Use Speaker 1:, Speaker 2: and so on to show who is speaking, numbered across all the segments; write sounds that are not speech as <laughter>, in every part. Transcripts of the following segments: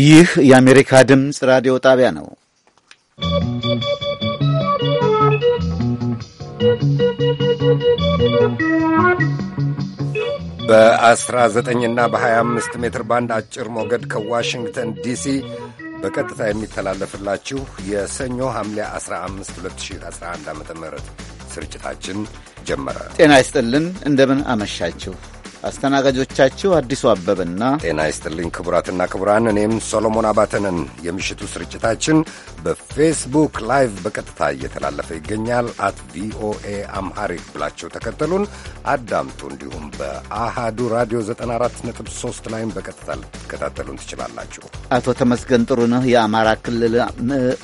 Speaker 1: ይህ የአሜሪካ ድምፅ ራዲዮ ጣቢያ ነው።
Speaker 2: በ19 እና በ25 ሜትር ባንድ አጭር ሞገድ ከዋሽንግተን ዲሲ በቀጥታ የሚተላለፍላችሁ የሰኞ ሐምሌ 15 2011 ዓ ም ስርጭታችን ጀመረ። ጤና ይስጥልን። እንደምን አመሻችሁ። አስተናጋጆቻችሁ አዲሱ አበበና ጤና ይስጥልኝ ክቡራትና ክቡራን፣ እኔም ሶሎሞን አባተነን። የምሽቱ ስርጭታችን በፌስቡክ ላይቭ በቀጥታ እየተላለፈ ይገኛል። አት ቪኦኤ አምሃሪክ ብላችሁ ተከተሉን አዳምጡ። እንዲሁም በአሃዱ ራዲዮ 94.3 ላይም በቀጥታ ልትከታተሉን ትችላላችሁ።
Speaker 1: አቶ ተመስገን ጥሩነህ የአማራ ክልል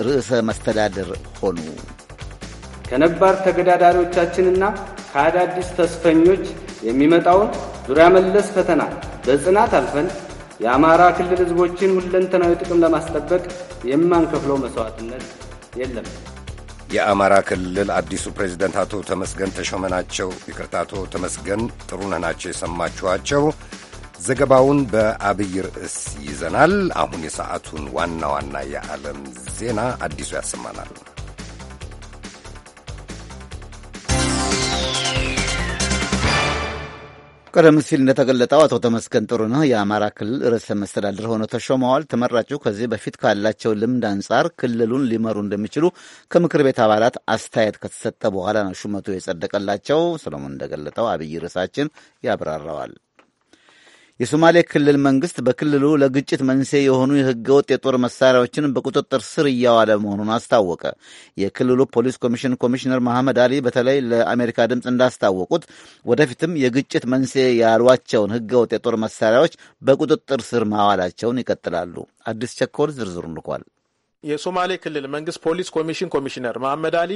Speaker 1: ርዕሰ መስተዳድር ሆኑ።
Speaker 2: ከነባር ተገዳዳሪዎቻችንና
Speaker 3: ከአዳዲስ ተስፈኞች የሚመጣውን ዙሪያ መለስ ፈተና በጽናት አልፈን የአማራ ክልል ህዝቦችን ሁለንተናዊ ጥቅም ለማስጠበቅ የማንከፍለው መስዋዕትነት የለም።
Speaker 2: የአማራ ክልል አዲሱ ፕሬዚደንት አቶ ተመስገን ተሾመ ናቸው። ይቅርታ፣ አቶ ተመስገን ጥሩነህ ናቸው የሰማችኋቸው። ዘገባውን በአብይ ርዕስ ይዘናል። አሁን የሰዓቱን ዋና ዋና የዓለም ዜና አዲሱ ያሰማናል።
Speaker 1: ቀደም ሲል እንደተገለጠው አቶ ተመስገን ጥሩነህ የአማራ ክልል ርዕሰ መስተዳድር ሆነው ተሾመዋል። ተመራጩ ከዚህ በፊት ካላቸው ልምድ አንጻር ክልሉን ሊመሩ እንደሚችሉ ከምክር ቤት አባላት አስተያየት ከተሰጠ በኋላ ነው ሹመቱ የጸደቀላቸው። ሰሎሞን እንደገለጠው አብይ ርዕሳችን ያብራራዋል። የሶማሌ ክልል መንግስት በክልሉ ለግጭት መንስኤ የሆኑ የህገወጥ የጦር መሳሪያዎችን በቁጥጥር ስር እያዋለ መሆኑን አስታወቀ። የክልሉ ፖሊስ ኮሚሽን ኮሚሽነር መሐመድ አሊ በተለይ ለአሜሪካ ድምፅ እንዳስታወቁት ወደፊትም የግጭት መንስኤ ያሏቸውን ህገወጥ የጦር መሳሪያዎች በቁጥጥር ስር ማዋላቸውን ይቀጥላሉ። አዲስ ቸኮል ዝርዝሩን ልኳል።
Speaker 4: የሶማሌ ክልል መንግስት ፖሊስ ኮሚሽን ኮሚሽነር መሐመድ አሊ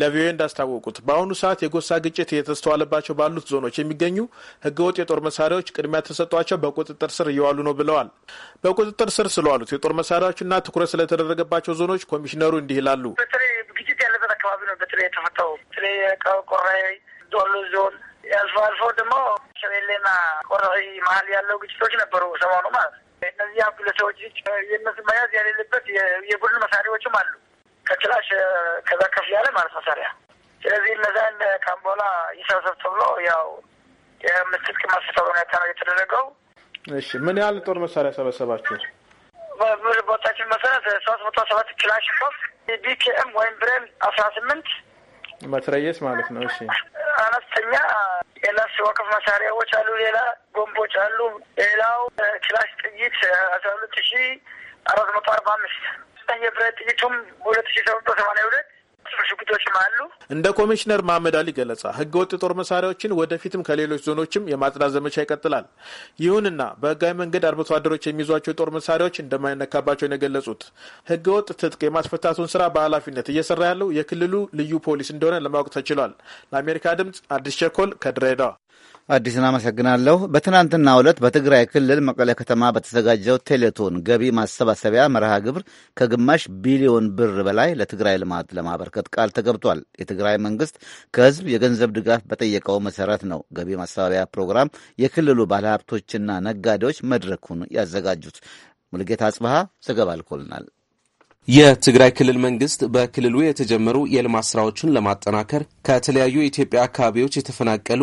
Speaker 4: ለቪኦኤ እንዳስታወቁት በአሁኑ ሰዓት የጎሳ ግጭት እየተስተዋለባቸው ባሉት ዞኖች የሚገኙ ህገወጥ የጦር መሳሪያዎች ቅድሚያ ተሰጧቸው በቁጥጥር ስር እየዋሉ ነው ብለዋል። በቁጥጥር ስር ስለዋሉት የጦር መሳሪያዎችና ትኩረት ስለተደረገባቸው ዞኖች ኮሚሽነሩ እንዲህ ይላሉ።
Speaker 5: በተለይ ግጭት ያለበት አካባቢ ነው በተለይ የተፈታው በተለይ ቆራይ ዶሎ ዞን አልፎ አልፎ ደግሞ ሸቤሌና ቆራይ መሀል ያለው ግጭቶች ነበሩ ሰሞኑ ማለት ነው እነዚህ ግለሰቦች የእነሱ መያዝ የሌለበት የቡድን መሳሪያዎችም አሉ። ከክላሽ ከዛ ከፍ ያለ ማለት መሳሪያ። ስለዚህ እነዛን ካምቦላ ይሰብሰብ ተብሎ ያው የምስል ቅማስሰብ ሁኔታ ነው የተደረገው።
Speaker 4: እሺ ምን ያህል ጦር መሳሪያ ሰበሰባችሁ?
Speaker 5: ቦታችን መሰረት ሶስት መቶ ሰባት ክላሽ ሶፍ ቢኬኤም ወይም ብሬን አስራ ስምንት
Speaker 4: መትረየስ ማለት ነው። እሺ
Speaker 5: አነስተኛ የነፍስ ወከፍ መሳሪያዎች አሉ። ሌላ ጎንቦች አሉ። ሌላው ክላሽ ጥይት አስራ ሁለት ሺ አራት መቶ አርባ አምስት የብረት ጥይቱም ሁለት ሺ ሰባት መቶ ሰማንያ
Speaker 4: ሁለት ዝግቶችም አሉ። እንደ ኮሚሽነር መሀመድ አሊ ገለጻ ህገወጥ የጦር መሳሪያዎችን ወደፊትም ከሌሎች ዞኖችም የማጽዳት ዘመቻ ይቀጥላል። ይሁንና በህጋዊ መንገድ አርብቶ አደሮች የሚይዟቸው የጦር መሳሪያዎች እንደማይነካባቸውን የገለጹት ህገወጥ ትጥቅ የማስፈታቱን ስራ በኃላፊነት እየሰራ ያለው የክልሉ ልዩ ፖሊስ እንደሆነ ለማወቅ ተችሏል። ለአሜሪካ ድምጽ አዲስ ቸኮል ከድሬዳዋ
Speaker 1: አዲስን አመሰግናለሁ። በትናንትናው ዕለት በትግራይ ክልል መቀለ ከተማ በተዘጋጀው ቴሌቶን ገቢ ማሰባሰቢያ መርሃ ግብር ከግማሽ ቢሊዮን ብር በላይ ለትግራይ ልማት ለማበርከት ቃል ተገብቷል። የትግራይ መንግስት ከህዝብ የገንዘብ ድጋፍ በጠየቀው መሰረት ነው ገቢ ማሰባቢያ ፕሮግራም የክልሉ ባለሀብቶችና ነጋዴዎች መድረኩን ያዘጋጁት። ሙልጌታ አጽበሃ ዘገባ ልኮልናል።
Speaker 6: የትግራይ ክልል መንግስት በክልሉ የተጀመሩ የልማት ስራዎችን ለማጠናከር ከተለያዩ የኢትዮጵያ አካባቢዎች የተፈናቀሉ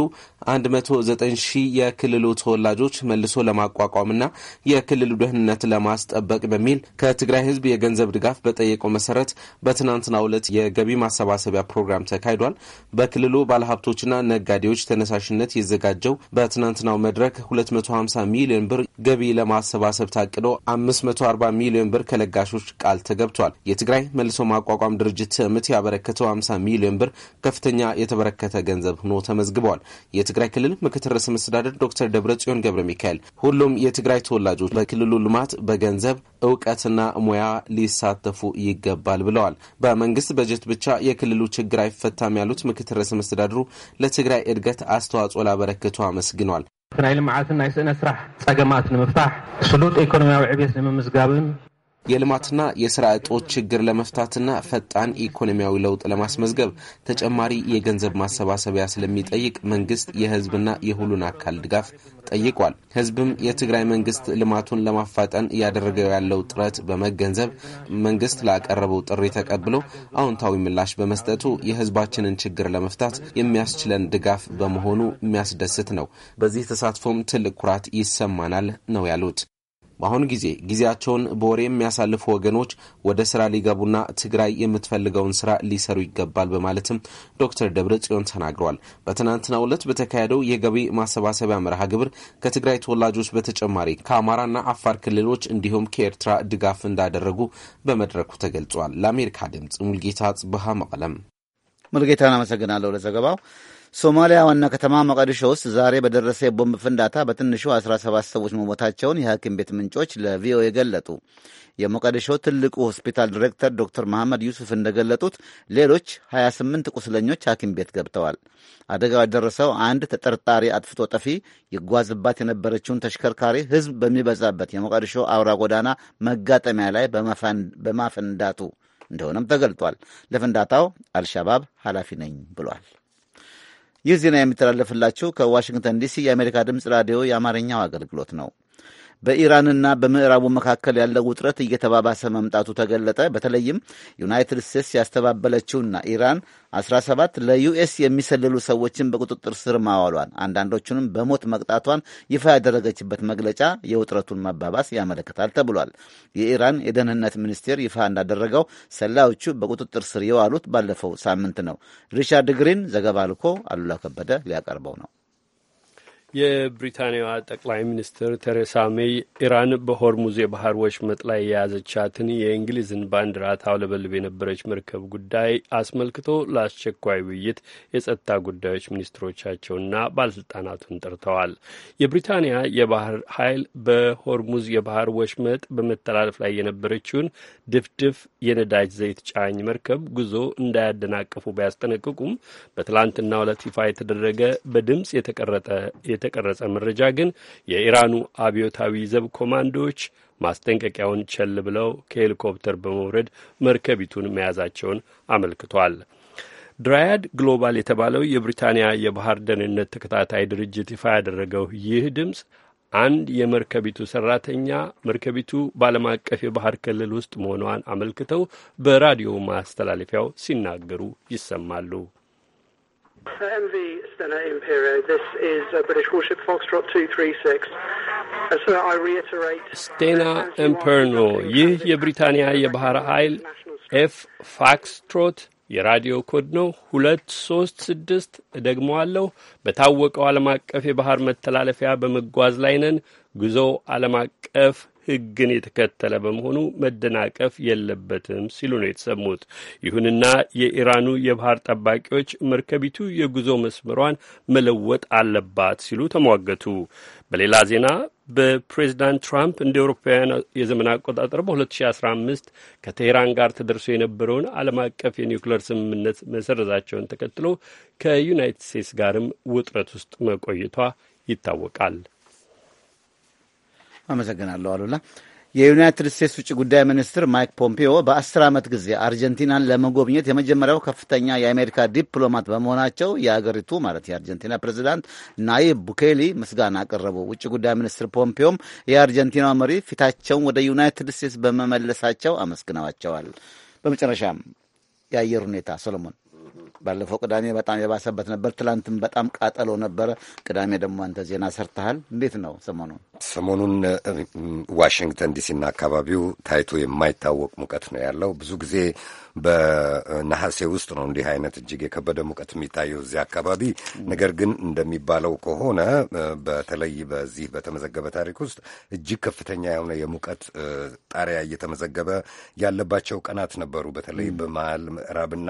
Speaker 6: 109 ሺህ የክልሉ ተወላጆች መልሶ ለማቋቋምና የክልሉ ደህንነት ለማስጠበቅ በሚል ከትግራይ ህዝብ የገንዘብ ድጋፍ በጠየቀው መሰረት በትናንትናው ዕለት የገቢ ማሰባሰቢያ ፕሮግራም ተካሂዷል። በክልሉ ባለሀብቶችና ነጋዴዎች ተነሳሽነት የዘጋጀው በትናንትናው መድረክ 250 ሚሊዮን ብር ገቢ ለማሰባሰብ ታቅዶ 540 ሚሊዮን ብር ከለጋሾች ቃል ተገብ ገብቷል። የትግራይ መልሶ ማቋቋም ድርጅት ምት ያበረከተው 50 ሚሊዮን ብር ከፍተኛ የተበረከተ ገንዘብ ሆኖ ተመዝግበዋል። የትግራይ ክልል ምክትል ርዕሰ መስተዳደር ዶክተር ደብረጽዮን ገብረ ሚካኤል ሁሉም የትግራይ ተወላጆች በክልሉ ልማት በገንዘብ እውቀትና ሙያ ሊሳተፉ ይገባል ብለዋል። በመንግስት በጀት ብቻ የክልሉ ችግር አይፈታም ያሉት ምክትል ርዕሰ መስተዳድሩ ለትግራይ እድገት አስተዋጽኦ ላበረከቱ አመስግኗል። ናይ ልምዓትን ናይ ስእነ ስራሕ ፀገማት ንምፍታሕ ስሉጥ ኢኮኖሚያዊ ዕብየት ንምምዝጋብን የልማትና የስራ እጦት ችግር ለመፍታትና ፈጣን ኢኮኖሚያዊ ለውጥ ለማስመዝገብ ተጨማሪ የገንዘብ ማሰባሰቢያ ስለሚጠይቅ መንግስት የህዝብና የሁሉን አካል ድጋፍ ጠይቋል። ህዝብም የትግራይ መንግስት ልማቱን ለማፋጠን እያደረገው ያለው ጥረት በመገንዘብ መንግስት ላቀረበው ጥሪ ተቀብሎ አዎንታዊ ምላሽ በመስጠቱ የህዝባችንን ችግር ለመፍታት የሚያስችለን ድጋፍ በመሆኑ የሚያስደስት ነው። በዚህ ተሳትፎም ትልቅ ኩራት ይሰማናል ነው ያሉት። በአሁኑ ጊዜ ጊዜያቸውን በወሬ የሚያሳልፉ ወገኖች ወደ ስራ ሊገቡና ትግራይ የምትፈልገውን ስራ ሊሰሩ ይገባል በማለትም ዶክተር ደብረ ጽዮን ተናግረዋል። በትናንትናው ዕለት በተካሄደው የገቢ ማሰባሰቢያ መርሃ ግብር ከትግራይ ተወላጆች በተጨማሪ ከአማራና አፋር ክልሎች እንዲሁም ከኤርትራ ድጋፍ እንዳደረጉ በመድረኩ ተገልጿል። ለአሜሪካ ድምጽ ሙልጌታ ጽብሃ መቀለም። ሙልጌታን አመሰግናለሁ ለዘገባው።
Speaker 1: ሶማሊያ ዋና ከተማ መቀዲሾ ውስጥ ዛሬ በደረሰ የቦምብ ፍንዳታ በትንሹ 17 ሰዎች መሞታቸውን የሐኪም ቤት ምንጮች ለቪኦኤ ገለጡ። የሞቃዲሾ ትልቁ ሆስፒታል ዲሬክተር ዶክተር መሐመድ ዩሱፍ እንደገለጡት ሌሎች 28 ቁስለኞች ሐኪም ቤት ገብተዋል። አደጋው የደረሰው አንድ ተጠርጣሪ አጥፍቶ ጠፊ ይጓዝባት የነበረችውን ተሽከርካሪ ሕዝብ በሚበዛበት የሞቃዲሾ አውራ ጎዳና መጋጠሚያ ላይ በማፈንዳቱ እንደሆነም ተገልጧል። ለፍንዳታው አልሻባብ ኃላፊ ነኝ ብሏል። ይህ ዜና የሚተላለፍላችሁ ከዋሽንግተን ዲሲ የአሜሪካ ድምፅ ራዲዮ የአማርኛው አገልግሎት ነው። በኢራንና በምዕራቡ መካከል ያለው ውጥረት እየተባባሰ መምጣቱ ተገለጠ። በተለይም ዩናይትድ ስቴትስ ያስተባበለችውና ኢራን 17 ለዩኤስ የሚሰልሉ ሰዎችን በቁጥጥር ስር ማዋሏን አንዳንዶቹንም በሞት መቅጣቷን ይፋ ያደረገችበት መግለጫ የውጥረቱን መባባስ ያመለክታል ተብሏል። የኢራን የደህንነት ሚኒስቴር ይፋ እንዳደረገው ሰላዮቹ በቁጥጥር ስር የዋሉት ባለፈው ሳምንት ነው። ሪቻርድ ግሪን ዘገባ ልኮ አሉላ ከበደ ሊያቀርበው ነው።
Speaker 7: የብሪታንያዋ ጠቅላይ ሚኒስትር ቴሬሳ ሜይ ኢራን በሆርሙዝ የባህር ወሽመጥ ላይ የያዘቻትን የእንግሊዝን ባንዲራ ታውለበልብ የነበረች መርከብ ጉዳይ አስመልክቶ ለአስቸኳይ ውይይት የጸጥታ ጉዳዮች ሚኒስትሮቻቸውና ባለስልጣናቱን ጠርተዋል። የብሪታንያ የባህር ኃይል በሆርሙዝ የባህር ወሽመጥ በመተላለፍ ላይ የነበረችውን ድፍድፍ የነዳጅ ዘይት ጫኝ መርከብ ጉዞ እንዳያደናቀፉ ቢያስጠነቅቁም በትላንትናው ዕለት ይፋ የተደረገ በድምፅ የተቀረጠ የተቀረጸ መረጃ ግን የኢራኑ አብዮታዊ ዘብ ኮማንዶዎች ማስጠንቀቂያውን ቸል ብለው ከሄሊኮፕተር በመውረድ መርከቢቱን መያዛቸውን አመልክቷል። ድራያድ ግሎባል የተባለው የብሪታንያ የባህር ደህንነት ተከታታይ ድርጅት ይፋ ያደረገው ይህ ድምፅ አንድ የመርከቢቱ ሰራተኛ መርከቢቱ በዓለም አቀፍ የባህር ክልል ውስጥ መሆኗን አመልክተው በራዲዮ ማስተላለፊያው ሲናገሩ ይሰማሉ።
Speaker 8: ኤምቪ ስተና ኢምፔሪዮ
Speaker 7: ስቴና ኢምፐርኖ ይህ የብሪታንያ የባህር ኃይል ኤፍ ፋክስትሮት የራዲዮ ኮድ ነው። ሁለት ሶስት ስድስት ደግሞ አለው። በታወቀው ዓለም አቀፍ የባህር መተላለፊያ በመጓዝ ላይ ነን። ጉዞ ዓለም አቀፍ ሕግን የተከተለ በመሆኑ መደናቀፍ የለበትም ሲሉ ነው የተሰሙት። ይሁንና የኢራኑ የባህር ጠባቂዎች መርከቢቱ የጉዞ መስመሯን መለወጥ አለባት ሲሉ ተሟገቱ። በሌላ ዜና በፕሬዚዳንት ትራምፕ እንደ አውሮፓውያን የዘመን አቆጣጠር በ2015 ከቴህራን ጋር ተደርሶ የነበረውን ዓለም አቀፍ የኒውክሌር ስምምነት መሰረዛቸውን ተከትሎ ከዩናይትድ ስቴትስ ጋርም ውጥረት ውስጥ መቆየቷ ይታወቃል።
Speaker 1: አመሰግናለሁ አሉላ። የዩናይትድ ስቴትስ ውጭ ጉዳይ ሚኒስትር ማይክ ፖምፒዮ በአስር ዓመት ጊዜ አርጀንቲናን ለመጎብኘት የመጀመሪያው ከፍተኛ የአሜሪካ ዲፕሎማት በመሆናቸው የአገሪቱ ማለት የአርጀንቲና ፕሬዚዳንት ናይብ ቡኬሊ ምስጋና አቀረቡ። ውጭ ጉዳይ ሚኒስትር ፖምፒዮም የአርጀንቲናው መሪ ፊታቸውን ወደ ዩናይትድ ስቴትስ በመመለሳቸው አመስግነዋቸዋል። በመጨረሻም የአየር ሁኔታ ሰሎሞን ባለፈው ቅዳሜ በጣም የባሰበት ነበር። ትላንትም በጣም ቃጠሎ ነበረ። ቅዳሜ ደግሞ አንተ ዜና ሰርተሃል። እንዴት ነው ሰሞኑን?
Speaker 2: ሰሞኑን ዋሽንግተን ዲሲና አካባቢው ታይቶ የማይታወቅ ሙቀት ነው ያለው። ብዙ ጊዜ በነሐሴ ውስጥ ነው እንዲህ አይነት እጅግ የከበደ ሙቀት የሚታየው እዚህ አካባቢ። ነገር ግን እንደሚባለው ከሆነ በተለይ በዚህ በተመዘገበ ታሪክ ውስጥ እጅግ ከፍተኛ የሆነ የሙቀት ጣሪያ እየተመዘገበ ያለባቸው ቀናት ነበሩ። በተለይ በመሀል ምዕራብና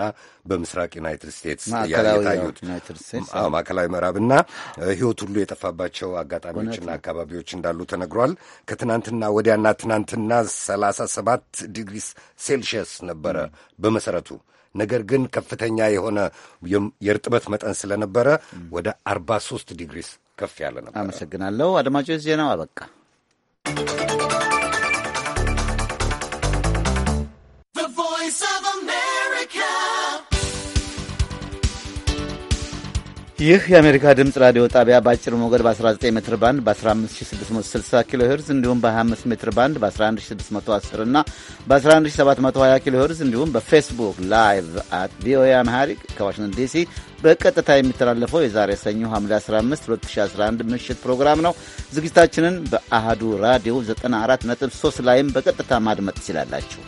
Speaker 2: በምስራቅ ዩናይትድ ስቴትስ የታዩት ማዕከላዊ ምዕራብና ሕይወት ሁሉ የጠፋባቸው አጋጣሚዎችና አካባቢዎች እንዳሉ ተነግሯል። ከትናንትና ወዲያና ትናንትና ሰላሳ ሰባት ዲግሪ ሴልሺየስ ነበረ በመሰረቱ ነገር ግን ከፍተኛ የሆነ የእርጥበት መጠን ስለነበረ ወደ 43 ዲግሪስ ከፍ ያለ ነበር። አመሰግናለሁ አድማጮች፣ ዜናው አበቃ።
Speaker 1: ይህ የአሜሪካ ድምፅ ራዲዮ ጣቢያ በአጭር ሞገድ በ19 ሜትር ባንድ በ15660 ኪሎ ሄርዝ እንዲሁም በ25 ሜትር ባንድ በ11610 እና በ11720 ኪሎ ሄርዝ እንዲሁም በፌስቡክ ላይቭ አት ቪኦኤ አምሃሪክ ከዋሽንግተን ዲሲ በቀጥታ የሚተላለፈው የዛሬ ሰኞ ሐምሌ 15 2011 ምሽት ፕሮግራም ነው። ዝግጅታችንን በአህዱ ራዲዮ 94.3 ላይም በቀጥታ ማድመጥ ትችላላችሁ።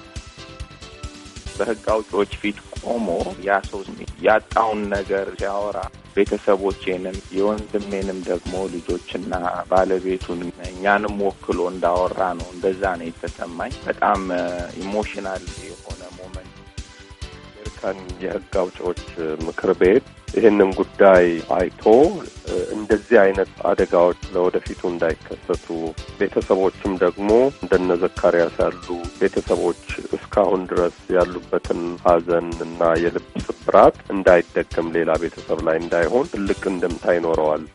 Speaker 9: በህግ አውጪዎች ፊት ቆሞ ያ ሰው ያጣውን ነገር ሲያወራ ቤተሰቦቼንም የወንድሜንም ደግሞ ልጆችና ባለቤቱን እኛንም ወክሎ እንዳወራ ነው። እንደዛ ነው የተሰማኝ። በጣም ኢሞሽናል የሆነ ሞመንት።
Speaker 7: የአሜሪካን የህግ አውጪዎች ምክር ቤት ይህንን ጉዳይ አይቶ እንደዚህ አይነት አደጋዎች ለወደፊቱ እንዳይከሰቱ ቤተሰቦችም ደግሞ እንደነ ዘካርያስ ያሉ ቤተሰቦች እስካሁን ድረስ ያሉበትን ሐዘን እና የልብ ስብራት እንዳይደገም ሌላ ቤተሰብ ላይ እንዳይሆን ትልቅ እንድምታ ይኖረዋል።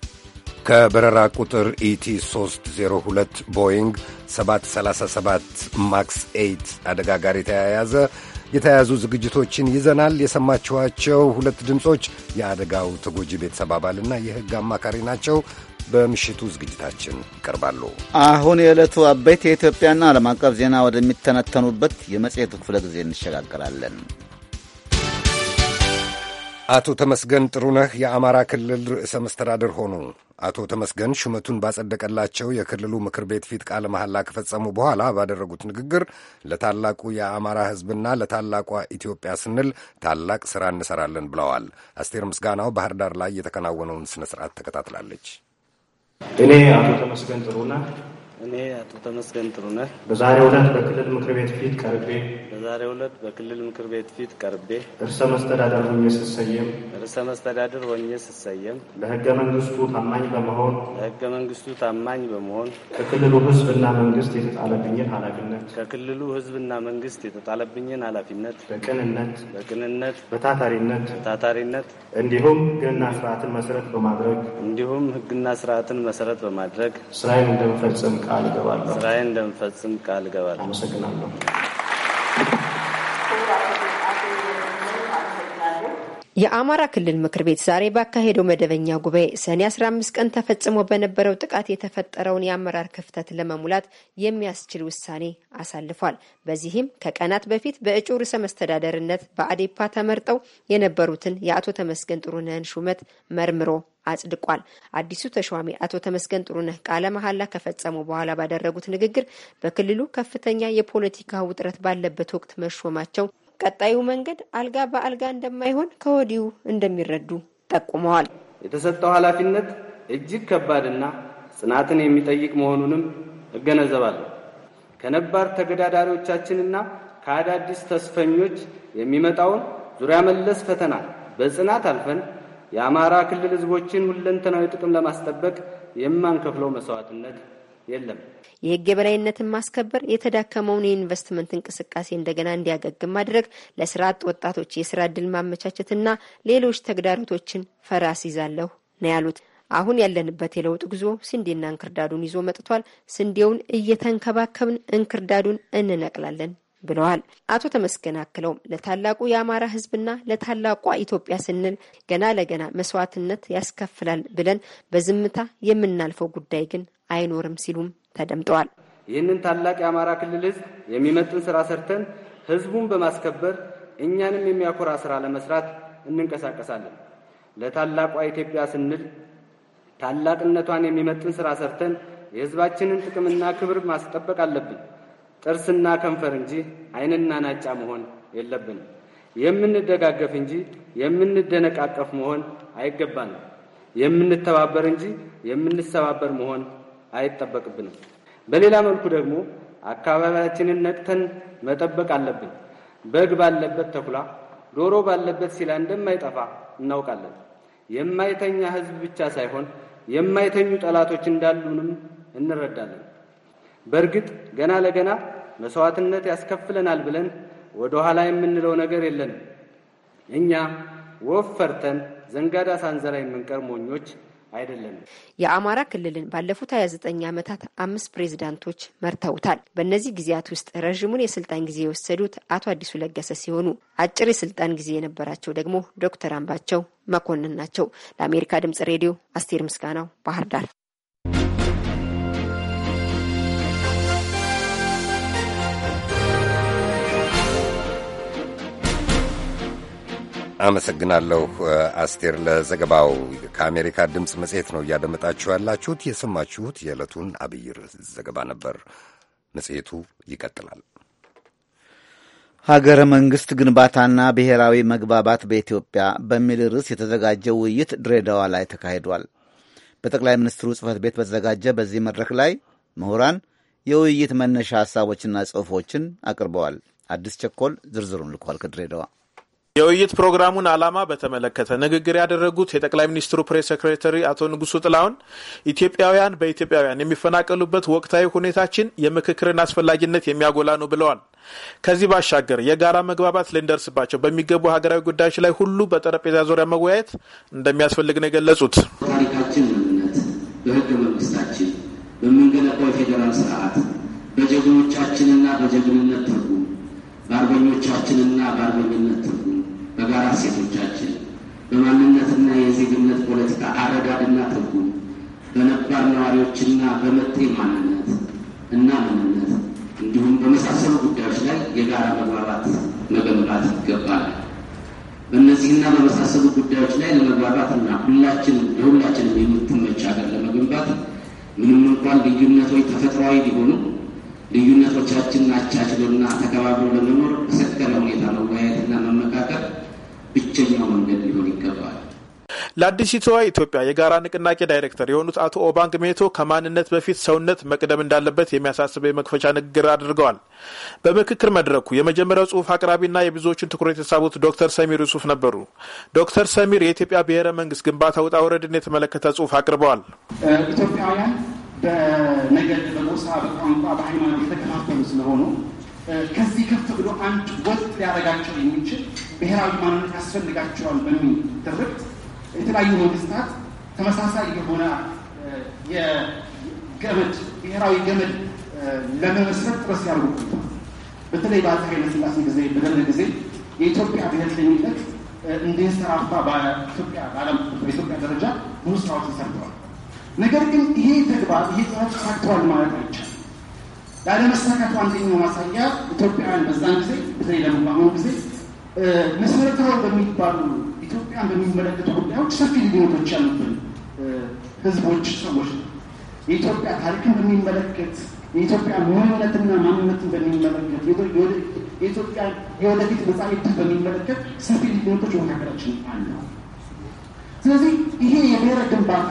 Speaker 2: ከበረራ ቁጥር ኢቲ 302 ቦይንግ 737 ማክስ 8 አደጋ ጋር የተያያዘ የተያያዙ ዝግጅቶችን ይዘናል። የሰማችኋቸው ሁለት ድምፆች የአደጋው ተጎጂ ቤተሰብ አባልና የሕግ አማካሪ ናቸው። በምሽቱ ዝግጅታችን ይቀርባሉ።
Speaker 1: አሁን የዕለቱ አበይት የኢትዮጵያና ዓለም አቀፍ ዜና ወደሚተነተኑበት የመጽሔቱ ክፍለ ጊዜ
Speaker 2: እንሸጋገራለን። አቶ ተመስገን ጥሩነህ የአማራ ክልል ርዕሰ መስተዳድር ሆኑ። አቶ ተመስገን ሹመቱን ባጸደቀላቸው የክልሉ ምክር ቤት ፊት ቃለ መሐላ ከፈጸሙ በኋላ ባደረጉት ንግግር ለታላቁ የአማራ ሕዝብና ለታላቋ ኢትዮጵያ ስንል ታላቅ ሥራ እንሰራለን ብለዋል። አስቴር ምስጋናው ባህር ዳር ላይ የተከናወነውን ሥነ ሥርዓት ተከታትላለች። እኔ አቶ ተመስገን
Speaker 10: ጥሩነህ
Speaker 3: እኔ አቶ ተመስገን ጥሩነህ በዛሬው ዕለት በክልል ምክር ቤት ፊት ቀርቤ በዛሬው ዕለት በክልል ምክር ቤት ፊት ቀርቤ እርሰ መስተዳደር ሆኜ ስሰየም እርሰ መስተዳደር ሆኜ ስሰየም ለህገ መንግስቱ ታማኝ በመሆን ለህገ መንግስቱ ታማኝ በመሆን ከክልሉ ህዝብና መንግስት
Speaker 10: የተጣለብኝን
Speaker 3: ኃላፊነት ከክልሉ ህዝብና መንግስት የተጣለብኝን ኃላፊነት በቅንነት በቅንነት በታታሪነት በታታሪነት እንዲሁም ህግና ስርዓትን መሰረት በማድረግ እንዲሁም ህግና ስርዓትን መሰረት በማድረግ ስራዬን እንደምፈጽም ቃል እገባለሁ። ስራዬን እንደምፈጽም ቃል እገባለሁ። አመሰግናለሁ።
Speaker 11: የአማራ ክልል ምክር ቤት ዛሬ ባካሄደው መደበኛ ጉባኤ ሰኔ 15 ቀን ተፈጽሞ በነበረው ጥቃት የተፈጠረውን የአመራር ክፍተት ለመሙላት የሚያስችል ውሳኔ አሳልፏል። በዚህም ከቀናት በፊት በእጩ ርዕሰ መስተዳደርነት በአዴፓ ተመርጠው የነበሩትን የአቶ ተመስገን ጥሩነህን ሹመት መርምሮ አጽድቋል። አዲሱ ተሿሚ አቶ ተመስገን ጥሩነህ ቃለ መሐላ ከፈጸሙ በኋላ ባደረጉት ንግግር በክልሉ ከፍተኛ የፖለቲካ ውጥረት ባለበት ወቅት መሾማቸው ቀጣዩ መንገድ አልጋ በአልጋ እንደማይሆን ከወዲሁ እንደሚረዱ ጠቁመዋል።
Speaker 3: የተሰጠው ኃላፊነት እጅግ ከባድና ጽናትን የሚጠይቅ መሆኑንም እገነዘባለሁ። ከነባር ተገዳዳሪዎቻችንና ከአዳዲስ ተስፈኞች የሚመጣውን ዙሪያ መለስ ፈተና በጽናት አልፈን የአማራ ክልል ህዝቦችን ሁለንተናዊ ጥቅም ለማስጠበቅ የማንከፍለው መስዋዕትነት የለም።
Speaker 11: የህግ የበላይነትን ማስከበር፣ የተዳከመውን የኢንቨስትመንት እንቅስቃሴ እንደገና እንዲያገግም ማድረግ፣ ለስራ አጥ ወጣቶች የስራ እድል ማመቻቸትና ሌሎች ተግዳሮቶችን ፈራስ ይዛለሁ ነው ያሉት። አሁን ያለንበት የለውጥ ጉዞ ስንዴና እንክርዳዱን ይዞ መጥቷል። ስንዴውን እየተንከባከብን እንክርዳዱን እንነቅላለን ብለዋል። አቶ ተመስገን አክለውም ለታላቁ የአማራ ህዝብና ለታላቋ ኢትዮጵያ ስንል ገና ለገና መስዋዕትነት ያስከፍላል ብለን በዝምታ የምናልፈው ጉዳይ ግን አይኖርም ሲሉም ተደምጠዋል።
Speaker 3: ይህንን ታላቅ የአማራ ክልል ህዝብ የሚመጥን ስራ ሰርተን ህዝቡን በማስከበር እኛንም የሚያኮራ ስራ ለመስራት እንንቀሳቀሳለን። ለታላቋ ኢትዮጵያ ስንል ታላቅነቷን የሚመጥን ስራ ሰርተን የህዝባችንን ጥቅምና ክብር ማስጠበቅ አለብን። ጥርስና ከንፈር እንጂ አይንና ናጫ መሆን የለብንም። የምንደጋገፍ እንጂ የምንደነቃቀፍ መሆን አይገባንም። የምንተባበር እንጂ የምንሰባበር መሆን አይጠበቅብንም። በሌላ መልኩ ደግሞ አካባቢያችንን ነቅተን መጠበቅ አለብን። በግ ባለበት ተኩላ፣ ዶሮ ባለበት ሲላ እንደማይጠፋ እናውቃለን። የማይተኛ ሕዝብ ብቻ ሳይሆን የማይተኙ ጠላቶች እንዳሉንም እንረዳለን። በእርግጥ ገና ለገና መስዋዕትነት ያስከፍለናል ብለን ወደ ኋላ የምንለው ነገር የለንም። እኛ ወፍ ፈርተን ዘንጋዳ ሳንዘራ የምንቀር ሞኞች አይደለንም።
Speaker 11: የአማራ ክልልን ባለፉት 29 ዓመታት አምስት ፕሬዚዳንቶች መርተውታል። በእነዚህ ጊዜያት ውስጥ ረዥሙን የስልጣን ጊዜ የወሰዱት አቶ አዲሱ ለገሰ ሲሆኑ አጭር የስልጣን ጊዜ የነበራቸው ደግሞ ዶክተር አምባቸው መኮንን ናቸው። ለአሜሪካ ድምጽ ሬዲዮ አስቴር ምስጋናው ባህር ዳር
Speaker 2: አመሰግናለሁ አስቴር ለዘገባው። ከአሜሪካ ድምፅ መጽሔት ነው እያደመጣችሁ ያላችሁት። የሰማችሁት የዕለቱን አብይ ርዕስ ዘገባ ነበር። መጽሔቱ ይቀጥላል።
Speaker 1: ሀገረ መንግሥት ግንባታና ብሔራዊ መግባባት በኢትዮጵያ በሚል ርዕስ የተዘጋጀ ውይይት ድሬዳዋ ላይ ተካሂዷል። በጠቅላይ ሚኒስትሩ ጽህፈት ቤት በተዘጋጀ በዚህ መድረክ ላይ ምሁራን የውይይት መነሻ ሐሳቦችና ጽሑፎችን አቅርበዋል። አዲስ ቸኮል ዝርዝሩን ልኳል ከድሬዳዋ
Speaker 4: የውይይት ፕሮግራሙን ዓላማ በተመለከተ ንግግር ያደረጉት የጠቅላይ ሚኒስትሩ ፕሬስ ሴክሬታሪ አቶ ንጉሱ ጥላሁን ኢትዮጵያውያን በኢትዮጵያውያን የሚፈናቀሉበት ወቅታዊ ሁኔታችን የምክክርን አስፈላጊነት የሚያጎላ ነው ብለዋል። ከዚህ ባሻገር የጋራ መግባባት ልንደርስባቸው በሚገቡ ሀገራዊ ጉዳዮች ላይ ሁሉ በጠረጴዛ ዙሪያ መወያየት እንደሚያስፈልግ ነው የገለጹት። ምንነት፣ በህገ መንግስታችን፣ በምንገነባው የፌዴራል ስርዓት፣ በጀግኖቻችንና
Speaker 3: በጀግንነት ትርጉም፣ በአርበኞቻችንና በአርበኝነት ትርጉም በጋራ ሴቶቻችን በማንነትና የዜግነት ፖለቲካ አረዳድና ትርጉም በነባር ነዋሪዎችና በመጤ ማንነት
Speaker 5: እና ምንነት እንዲሁም በመሳሰሉ ጉዳዮች ላይ የጋራ መግባባት
Speaker 3: መገንባት ይገባል። በእነዚህና በመሳሰሉ ጉዳዮች ላይ ለመግባባትና ሁላችንም ለሁላችንም የምትመች ሀገር ለመገንባት ምንም እንኳን ልዩነቶች ተፈጥሯዊ ቢሆኑ ልዩነቶቻችንን አቻችሎና ተከባብሮ ለመኖር በሰከነ ሁኔታ መወያየትና መመካከር ብቸኛው መንገድ ሊሆን ይገባል።
Speaker 4: ለአዲሲቷ ኢትዮጵያ የጋራ ንቅናቄ ዳይሬክተር የሆኑት አቶ ኦባንግ ሜቶ ከማንነት በፊት ሰውነት መቅደም እንዳለበት የሚያሳስበ የመክፈቻ ንግግር አድርገዋል። በምክክር መድረኩ የመጀመሪያው ጽሁፍ አቅራቢና የብዙዎችን ትኩረት የተሳቡት ዶክተር ሰሚር ዩሱፍ ነበሩ። ዶክተር ሰሚር የኢትዮጵያ ብሔረ መንግስት ግንባታ ውጣ ውረድን የተመለከተ ጽሁፍ አቅርበዋል።
Speaker 8: ኢትዮጵያውያን በነገድ፣ በጎሳ፣ በቋንቋ፣ በሃይማኖት የተከፋፈሉ ስለሆኑ ከዚህ ከፍ ብሎ አንድ ወጥ ሊያረጋቸው የሚችል ብሔራዊ ማንነት ያስፈልጋቸዋል በሚል ድርቅ የተለያዩ መንግስታት ተመሳሳይ የሆነ የገመድ ብሔራዊ ገመድ ለመመስረት ጥረት ያደርጉ በተለይ በአፄ ኃይለ ጊዜ በደርግ ጊዜ የኢትዮጵያ ብሔርተኝነት እንዲንሰራፋ በኢትዮጵያ በዓለም በኢትዮጵያ ደረጃ ብዙ ስራዎች ተሰርተዋል። ነገር ግን ይሄ ተግባር ይሄ ጥረት ተሳክተዋል ማለት አይቻል። ላለመሳካቱ አንደኛው ማሳያ ኢትዮጵያውያን በዛን ጊዜ በተለይ ደግሞ ጊዜ መሰረታዊ በሚባሉ ኢትዮጵያን በሚመለከቱ ጉዳዮች ሰፊ ልዩነቶች ያሉብን ህዝቦች፣ ሰዎች ነው። የኢትዮጵያ ታሪክን በሚመለከት የኢትዮጵያ ምንነትና ማንነትን በሚመለከት የኢትዮጵያ የወደፊት መጻኢ በሚመለከት ሰፊ ልዩነቶች መካከላችን አለ። ስለዚህ ይሄ የብሔረ ግንባታ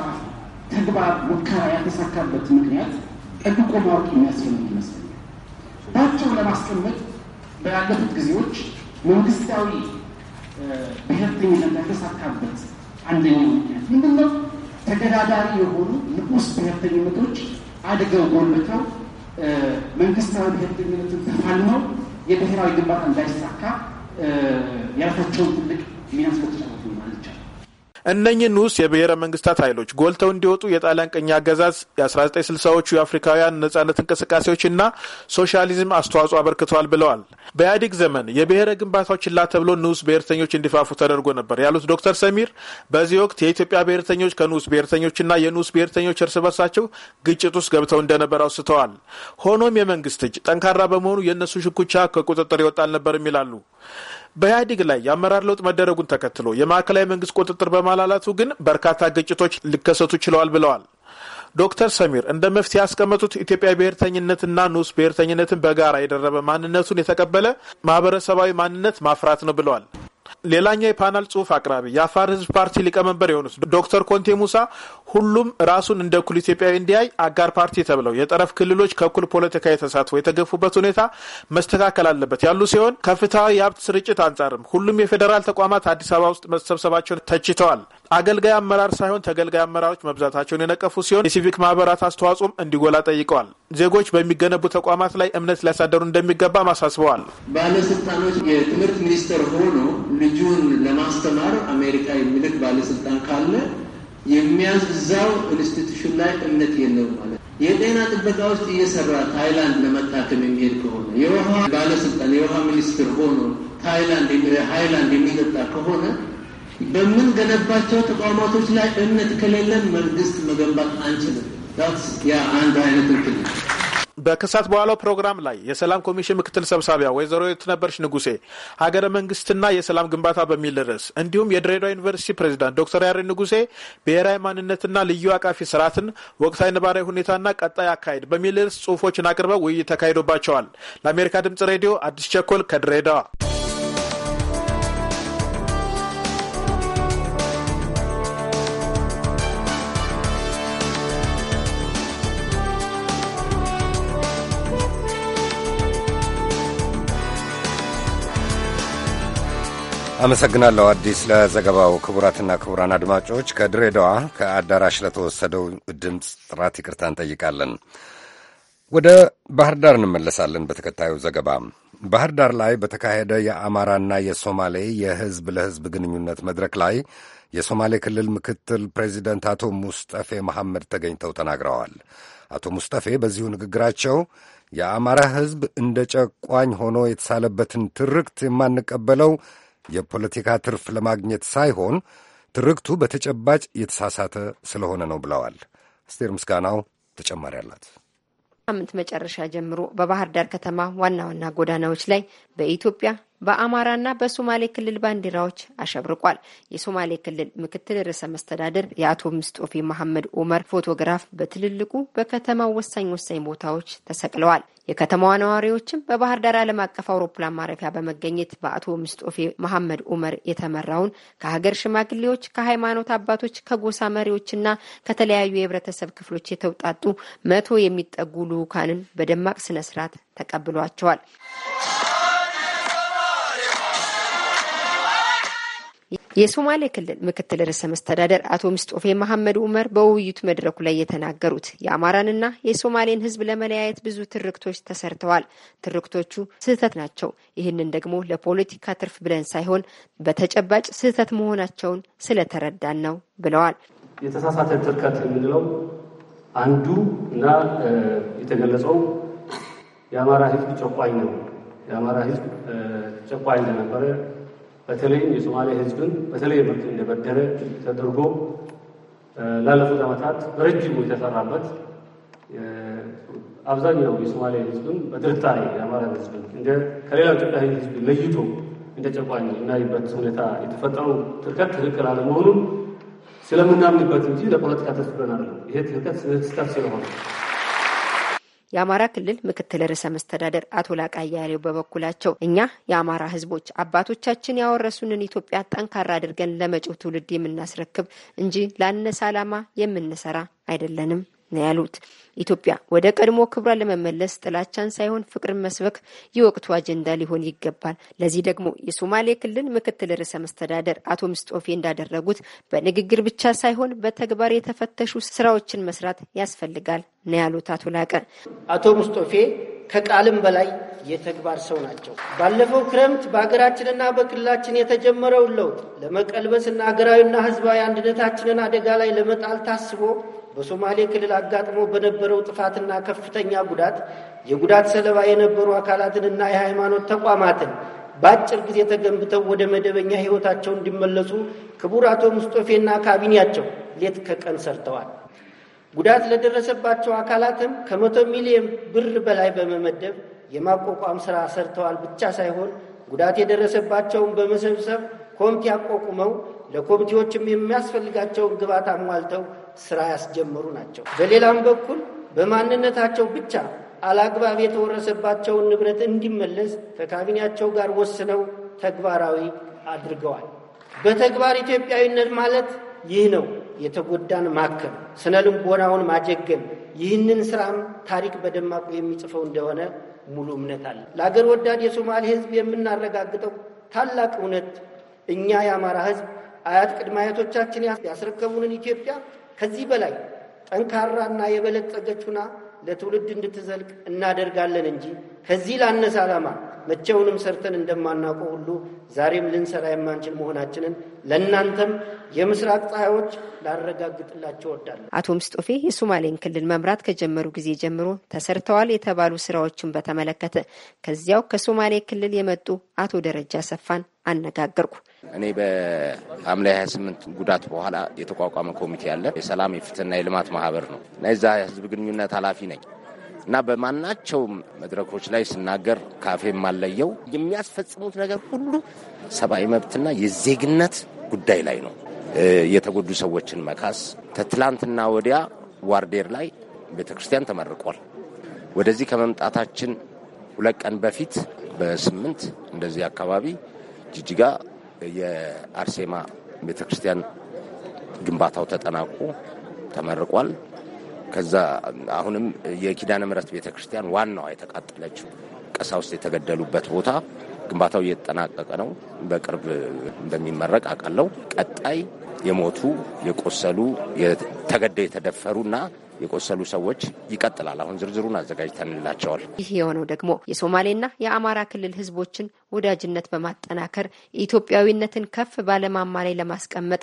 Speaker 8: ተግባር ሙከራ ያልተሳካበት ምክንያት ጠብቆ ማወቅ የሚያስፈልግ ይመስለኛል። ባቸው ለማስቀመጥ ባለፉት ጊዜዎች መንግስታዊ ብሔርተኝነት ያልተሳካበት አንደኛው ምክንያት ምንድን ነው? ተገዳዳሪ የሆኑ ንዑስ ብሔርተኝነቶች አድገው ጎልብተው መንግስታዊ ብሔርተኝነትን ተፋልመው የብሔራዊ ግንባታ እንዳይሳካ የራሳቸውን ትልቅ ሚና ስለተጫወቱ ነው።
Speaker 4: እነኚህ ንዑስ የብሔረ መንግስታት ኃይሎች ጎልተው እንዲወጡ የጣሊያን ቅኝ አገዛዝ የ1960ዎቹ የአፍሪካውያን ነጻነት እንቅስቃሴዎችና ሶሻሊዝም አስተዋጽኦ አበርክተዋል ብለዋል። በኢህአዴግ ዘመን የብሔረ ግንባታዎች ችላ ተብሎ ንዑስ ብሔርተኞች እንዲፋፉ ተደርጎ ነበር ያሉት ዶክተር ሰሚር በዚህ ወቅት የኢትዮጵያ ብሔርተኞች ከንዑስ ብሔርተኞችና የንዑስ ብሔርተኞች እርስ በርሳቸው ግጭት ውስጥ ገብተው እንደነበር አውስተዋል። ሆኖም የመንግስት እጅ ጠንካራ በመሆኑ የእነሱ ሽኩቻ ከቁጥጥር ይወጣል ነበርም ይላሉ። በኢህአዴግ ላይ የአመራር ለውጥ መደረጉን ተከትሎ የማዕከላዊ መንግስት ቁጥጥር በማላላቱ ግን በርካታ ግጭቶች ሊከሰቱ ችለዋል ብለዋል። ዶክተር ሰሚር እንደ መፍትሄ ያስቀመጡት ኢትዮጵያ ብሔርተኝነትና ንዑስ ብሔርተኝነትን በጋራ የደረበ ማንነቱን የተቀበለ ማህበረሰባዊ ማንነት ማፍራት ነው ብለዋል። ሌላኛው የፓናል ጽሁፍ አቅራቢ የአፋር ህዝብ ፓርቲ ሊቀመንበር የሆኑት ዶክተር ኮንቴ ሙሳ ሁሉም ራሱን እንደ እኩል ኢትዮጵያዊ እንዲያይ አጋር ፓርቲ ተብለው የጠረፍ ክልሎች ከእኩል ፖለቲካዊ የተሳትፎ የተገፉበት ሁኔታ መስተካከል አለበት ያሉ ሲሆን ከፍትሐዊ የሀብት ስርጭት አንጻርም ሁሉም የፌዴራል ተቋማት አዲስ አበባ ውስጥ መሰብሰባቸውን ተችተዋል። አገልጋይ አመራር ሳይሆን ተገልጋይ አመራሮች መብዛታቸውን የነቀፉ ሲሆን የሲቪክ ማህበራት አስተዋጽኦም እንዲጎላ ጠይቀዋል። ዜጎች በሚገነቡ ተቋማት ላይ እምነት ሊያሳደሩ እንደሚገባም አሳስበዋል።
Speaker 3: ባለስልጣኖች የትምህርት ሚኒስትር ሆኖ ልጁን ለማስተማር አሜሪካ የሚልክ ባለስልጣን ካለ የሚያዛው ኢንስቲትዩሽን ላይ እምነት የለው ማለት የጤና ጥበቃ ውስጥ እየሰራ ታይላንድ ለመታከም የሚሄድ ከሆነ የውሃ ባለስልጣን የውሃ ሚኒስትር ሆኖ ታይላንድ ሃይላንድ የሚጠጣ ከሆነ በምንገነባቸው ተቋማቶች ላይ እምነት ከሌለን መንግስት መገንባት አንችልም።
Speaker 4: ያ አንድ አይነት እንትን በኋላው ፕሮግራም ላይ የሰላም ኮሚሽን ምክትል ሰብሳቢያ ወይዘሮ የትነበርሽ ንጉሴ ሀገረ መንግስትና የሰላም ግንባታ በሚል ርዕስ እንዲሁም የድሬዳዋ ዩኒቨርሲቲ ፕሬዚዳንት ዶክተር ያሬ ንጉሴ ብሔራዊ ማንነትና ልዩ አቃፊ ስርዓትን ወቅታዊ ነባራዊ ሁኔታና ቀጣይ አካሄድ በሚል ርዕስ ጽሁፎችን አቅርበው ውይይት ተካሂዶባቸዋል። ለአሜሪካ ድምጽ ሬዲዮ አዲስ ቸኮል ከድሬዳዋ
Speaker 2: አመሰግናለሁ አዲስ ለዘገባው። ክቡራትና ክቡራን አድማጮች ከድሬዳዋ ከአዳራሽ ለተወሰደው ድምፅ ጥራት ይቅርታ እንጠይቃለን። ወደ ባህር ዳር እንመለሳለን በተከታዩ ዘገባ። ባህር ዳር ላይ በተካሄደ የአማራና የሶማሌ የህዝብ ለህዝብ ግንኙነት መድረክ ላይ የሶማሌ ክልል ምክትል ፕሬዚደንት አቶ ሙስጠፌ መሐመድ ተገኝተው ተናግረዋል። አቶ ሙስጠፌ በዚሁ ንግግራቸው የአማራ ህዝብ እንደ ጨቋኝ ሆኖ የተሳለበትን ትርክት የማንቀበለው የፖለቲካ ትርፍ ለማግኘት ሳይሆን ትርክቱ በተጨባጭ የተሳሳተ ስለሆነ ነው ብለዋል። አስቴር ምስጋናው ተጨማሪ አላት።
Speaker 11: ሳምንት መጨረሻ ጀምሮ በባህር ዳር ከተማ ዋና ዋና ጎዳናዎች ላይ በኢትዮጵያ በአማራና በሶማሌ ክልል ባንዲራዎች አሸብርቋል። የሶማሌ ክልል ምክትል ርዕሰ መስተዳደር የአቶ ምስጦፊ መሐመድ ኦመር ፎቶግራፍ በትልልቁ በከተማው ወሳኝ ወሳኝ ቦታዎች ተሰቅለዋል። የከተማዋ ነዋሪዎችም በባህር ዳር ዓለም አቀፍ አውሮፕላን ማረፊያ በመገኘት በአቶ ምስጦፌ መሐመድ ኡመር የተመራውን ከሀገር ሽማግሌዎች፣ ከሃይማኖት አባቶች፣ ከጎሳ መሪዎችና ከተለያዩ የህብረተሰብ ክፍሎች የተውጣጡ መቶ የሚጠጉ ልዑካንን በደማቅ ስነስርዓት ተቀብሏቸዋል። የሶማሌ ክልል ምክትል ርዕሰ መስተዳደር አቶ ምስጦፌ መሐመድ ኡመር በውይይቱ መድረኩ ላይ የተናገሩት የአማራንና የሶማሌን ሕዝብ ለመለያየት ብዙ ትርክቶች ተሰርተዋል። ትርክቶቹ ስህተት ናቸው። ይህንን ደግሞ ለፖለቲካ ትርፍ ብለን ሳይሆን በተጨባጭ ስህተት መሆናቸውን ስለተረዳን ነው ብለዋል።
Speaker 7: የተሳሳተ ትርከት የምንለው አንዱ እና የተገለጸው የአማራ ሕዝብ ጨቋኝ ነው። የአማራ ሕዝብ ጨቋኝ እንደነበረ በተለይም የሶማሌ ህዝብን በተለይ መልክ እንደበደለ ተደርጎ ላለፉት ዓመታት በረጅሙ የተሰራበት አብዛኛው የሶማሌ ህዝብን በጥርጣሬ የአማራ ህዝብን ከሌላው ኢትዮጵያ ህዝብ ለይቶ እንደ ጨቋኝ እናይበት ሁኔታ የተፈጠረው ትርከት ትክክል አለመሆኑን ስለምናምንበት እንጂ ለፖለቲካ ተስብረን ይሄ ትርቀት ስህተት ስለሆነ
Speaker 11: የአማራ ክልል ምክትል ርዕሰ መስተዳደር አቶ ላቃ አያሌው በበኩላቸው እኛ የአማራ ህዝቦች አባቶቻችን ያወረሱንን ኢትዮጵያ ጠንካራ አድርገን ለመጪው ትውልድ የምናስረክብ እንጂ ላነሰ ዓላማ የምንሰራ አይደለንም ነው ያሉት። ኢትዮጵያ ወደ ቀድሞ ክብሯ ለመመለስ ጥላቻን ሳይሆን ፍቅር መስበክ የወቅቱ አጀንዳ ሊሆን ይገባል። ለዚህ ደግሞ የሶማሌ ክልል ምክትል ርዕሰ መስተዳደር አቶ ምስጦፌ እንዳደረጉት በንግግር ብቻ ሳይሆን በተግባር የተፈተሹ ስራዎችን መስራት ያስፈልጋል ነው ያሉት አቶ ላቀ። አቶ ሙስጦፌ ከቃልም በላይ
Speaker 5: የተግባር ሰው ናቸው። ባለፈው ክረምት በሀገራችንና በክልላችን የተጀመረውን ለውጥ ለመቀልበስና ሀገራዊና ሕዝባዊ አንድነታችንን አደጋ ላይ ለመጣል ታስቦ በሶማሌ ክልል አጋጥሞ በነበረው ጥፋትና ከፍተኛ ጉዳት የጉዳት ሰለባ የነበሩ አካላትንና የሃይማኖት ተቋማትን በአጭር ጊዜ ተገንብተው ወደ መደበኛ ሕይወታቸው እንዲመለሱ ክቡር አቶ ሙስጦፌና ካቢኔያቸው ሌት ከቀን ሰርተዋል። ጉዳት ለደረሰባቸው አካላትም ከመቶ ሚሊዮን ብር በላይ በመመደብ የማቋቋም ስራ ሰርተዋል ብቻ ሳይሆን ጉዳት የደረሰባቸውን በመሰብሰብ ኮሚቴ አቋቁመው ለኮሚቴዎችም የሚያስፈልጋቸውን ግብዓት አሟልተው ስራ ያስጀመሩ ናቸው። በሌላም በኩል በማንነታቸው ብቻ አላግባብ የተወረሰባቸውን ንብረት እንዲመለስ ከካቢኔያቸው ጋር ወስነው ተግባራዊ አድርገዋል። በተግባር ኢትዮጵያዊነት ማለት ይህ ነው የተጎዳን ማከም፣ ስነ ልቦናውን ማጀገን። ይህንን ስራም ታሪክ በደማቁ የሚጽፈው እንደሆነ ሙሉ እምነት አለ። ለአገር ወዳድ የሶማሌ ህዝብ የምናረጋግጠው ታላቅ እውነት እኛ የአማራ ህዝብ አያት ቅድመ አያቶቻችን ያስረከቡንን ኢትዮጵያ ከዚህ በላይ ጠንካራና የበለጸገች ሁና ለትውልድ እንድትዘልቅ እናደርጋለን እንጂ ከዚህ ላነሰ ዓላማ መቼውንም ሰርተን እንደማናውቀው ሁሉ ዛሬም ልንሰራ የማንችል መሆናችንን ለእናንተም የምስራቅ ፀሐዮች ላረጋግጥላቸው እወዳለሁ አቶ
Speaker 11: ምስጦፌ የሶማሌን ክልል መምራት ከጀመሩ ጊዜ ጀምሮ ተሰርተዋል የተባሉ ስራዎችን በተመለከተ ከዚያው ከሶማሌ ክልል የመጡ አቶ ደረጃ ሰፋን አነጋገርኩ።
Speaker 9: እኔ በሐምሌ 28 ጉዳት በኋላ የተቋቋመ ኮሚቴ አለ። የሰላም የፍትህና የልማት ማህበር ነው እና የዛ ህዝብ ግንኙነት ኃላፊ ነኝ እና በማናቸውም መድረኮች ላይ ስናገር ካፌ የማለየው የሚያስፈጽሙት ነገር ሁሉ ሰብአዊ መብትና የዜግነት ጉዳይ ላይ ነው። የተጎዱ ሰዎችን መካስ ከትላንትና ወዲያ ዋርዴር ላይ ቤተ ክርስቲያን ተመርቋል። ወደዚህ ከመምጣታችን ሁለት ቀን በፊት በስምንት እንደዚህ አካባቢ ጅጅጋ የአርሴማ ቤተ ክርስቲያን ግንባታው ተጠናቆ ተመርቋል። ከዛ አሁንም የኪዳነ ምሕረት ቤተ ክርስቲያን ዋናዋ የተቃጠለችው ቀሳውስት የተገደሉበት ቦታ ግንባታው እየተጠናቀቀ ነው። በቅርብ እንደሚመረቅ አውቃለሁ። ቀጣይ የሞቱ የቆሰሉ፣ ተገደው እና የቆሰሉ ሰዎች ይቀጥላል። አሁን ዝርዝሩን አዘጋጅተንላቸዋል።
Speaker 11: ይህ የሆነው ደግሞ የሶማሌና የአማራ ክልል ህዝቦችን ወዳጅነት በማጠናከር ኢትዮጵያዊነትን ከፍ ባለማማ ላይ ለማስቀመጥ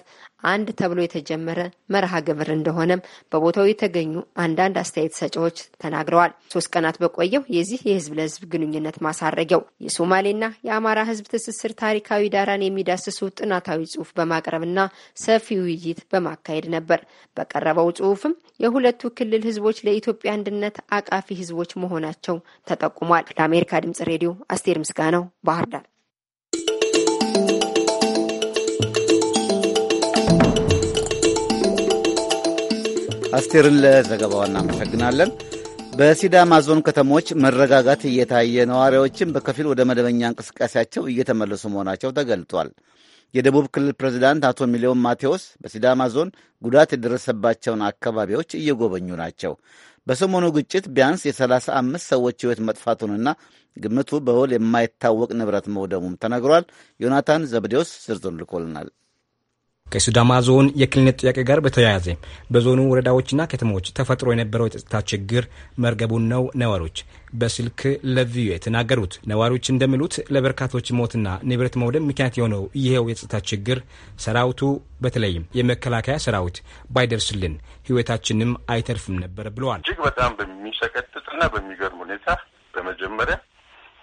Speaker 11: አንድ ተብሎ የተጀመረ መርሃ ግብር እንደሆነም በቦታው የተገኙ አንዳንድ አስተያየት ሰጪዎች ተናግረዋል። ሶስት ቀናት በቆየው የዚህ የህዝብ ለህዝብ ግንኙነት ማሳረጊያው የሶማሌና የአማራ ህዝብ ትስስር ታሪካዊ ዳራን የሚዳስሱ ጥናታዊ ጽሁፍ በማቅረብና ሰፊ ውይይት በማካሄድ ነበር። በቀረበው ጽሁፍም የሁለቱ ክልል ህዝቦች ለኢትዮጵያ አንድነት አቃፊ ህዝቦች መሆናቸው ተጠቁሟል። ለአሜሪካ ድምጽ ሬዲዮ አስቴር ምስጋናው ባህር ዳር።
Speaker 1: አስቴርን ለዘገባው እናመሰግናለን። በሲዳማ ዞን ከተሞች መረጋጋት እየታየ ነዋሪዎችን በከፊል ወደ መደበኛ እንቅስቃሴያቸው እየተመለሱ መሆናቸው ተገልጧል። የደቡብ ክልል ፕሬዚዳንት አቶ ሚሊዮን ማቴዎስ በሲዳማ ዞን ጉዳት የደረሰባቸውን አካባቢዎች እየጎበኙ ናቸው። በሰሞኑ ግጭት ቢያንስ የሰላሳ አምስት ሰዎች ሕይወት መጥፋቱንና ግምቱ በውል የማይታወቅ ንብረት መውደሙም ተነግሯል። ዮናታን ዘብዴዎስ ዝርዝር ልኮልናል።
Speaker 10: ከሲዳማ ዞን የክልልነት ጥያቄ ጋር በተያያዘ በዞኑ ወረዳዎችና ከተሞች ተፈጥሮ የነበረው የጸጥታ ችግር መርገቡን ነው ነዋሪዎች በስልክ ለቪዩ የተናገሩት። ነዋሪዎች እንደሚሉት ለበርካቶች ሞትና ንብረት መውደም ምክንያት የሆነው ይኸው የጸጥታ ችግር ሰራዊቱ በተለይም የመከላከያ ሰራዊት ባይደርስልን ሕይወታችንም አይተርፍም ነበር ብለዋል።
Speaker 2: እጅግ በጣም በሚሰቀጥጥና በሚገርም ሁኔታ በመጀመሪያ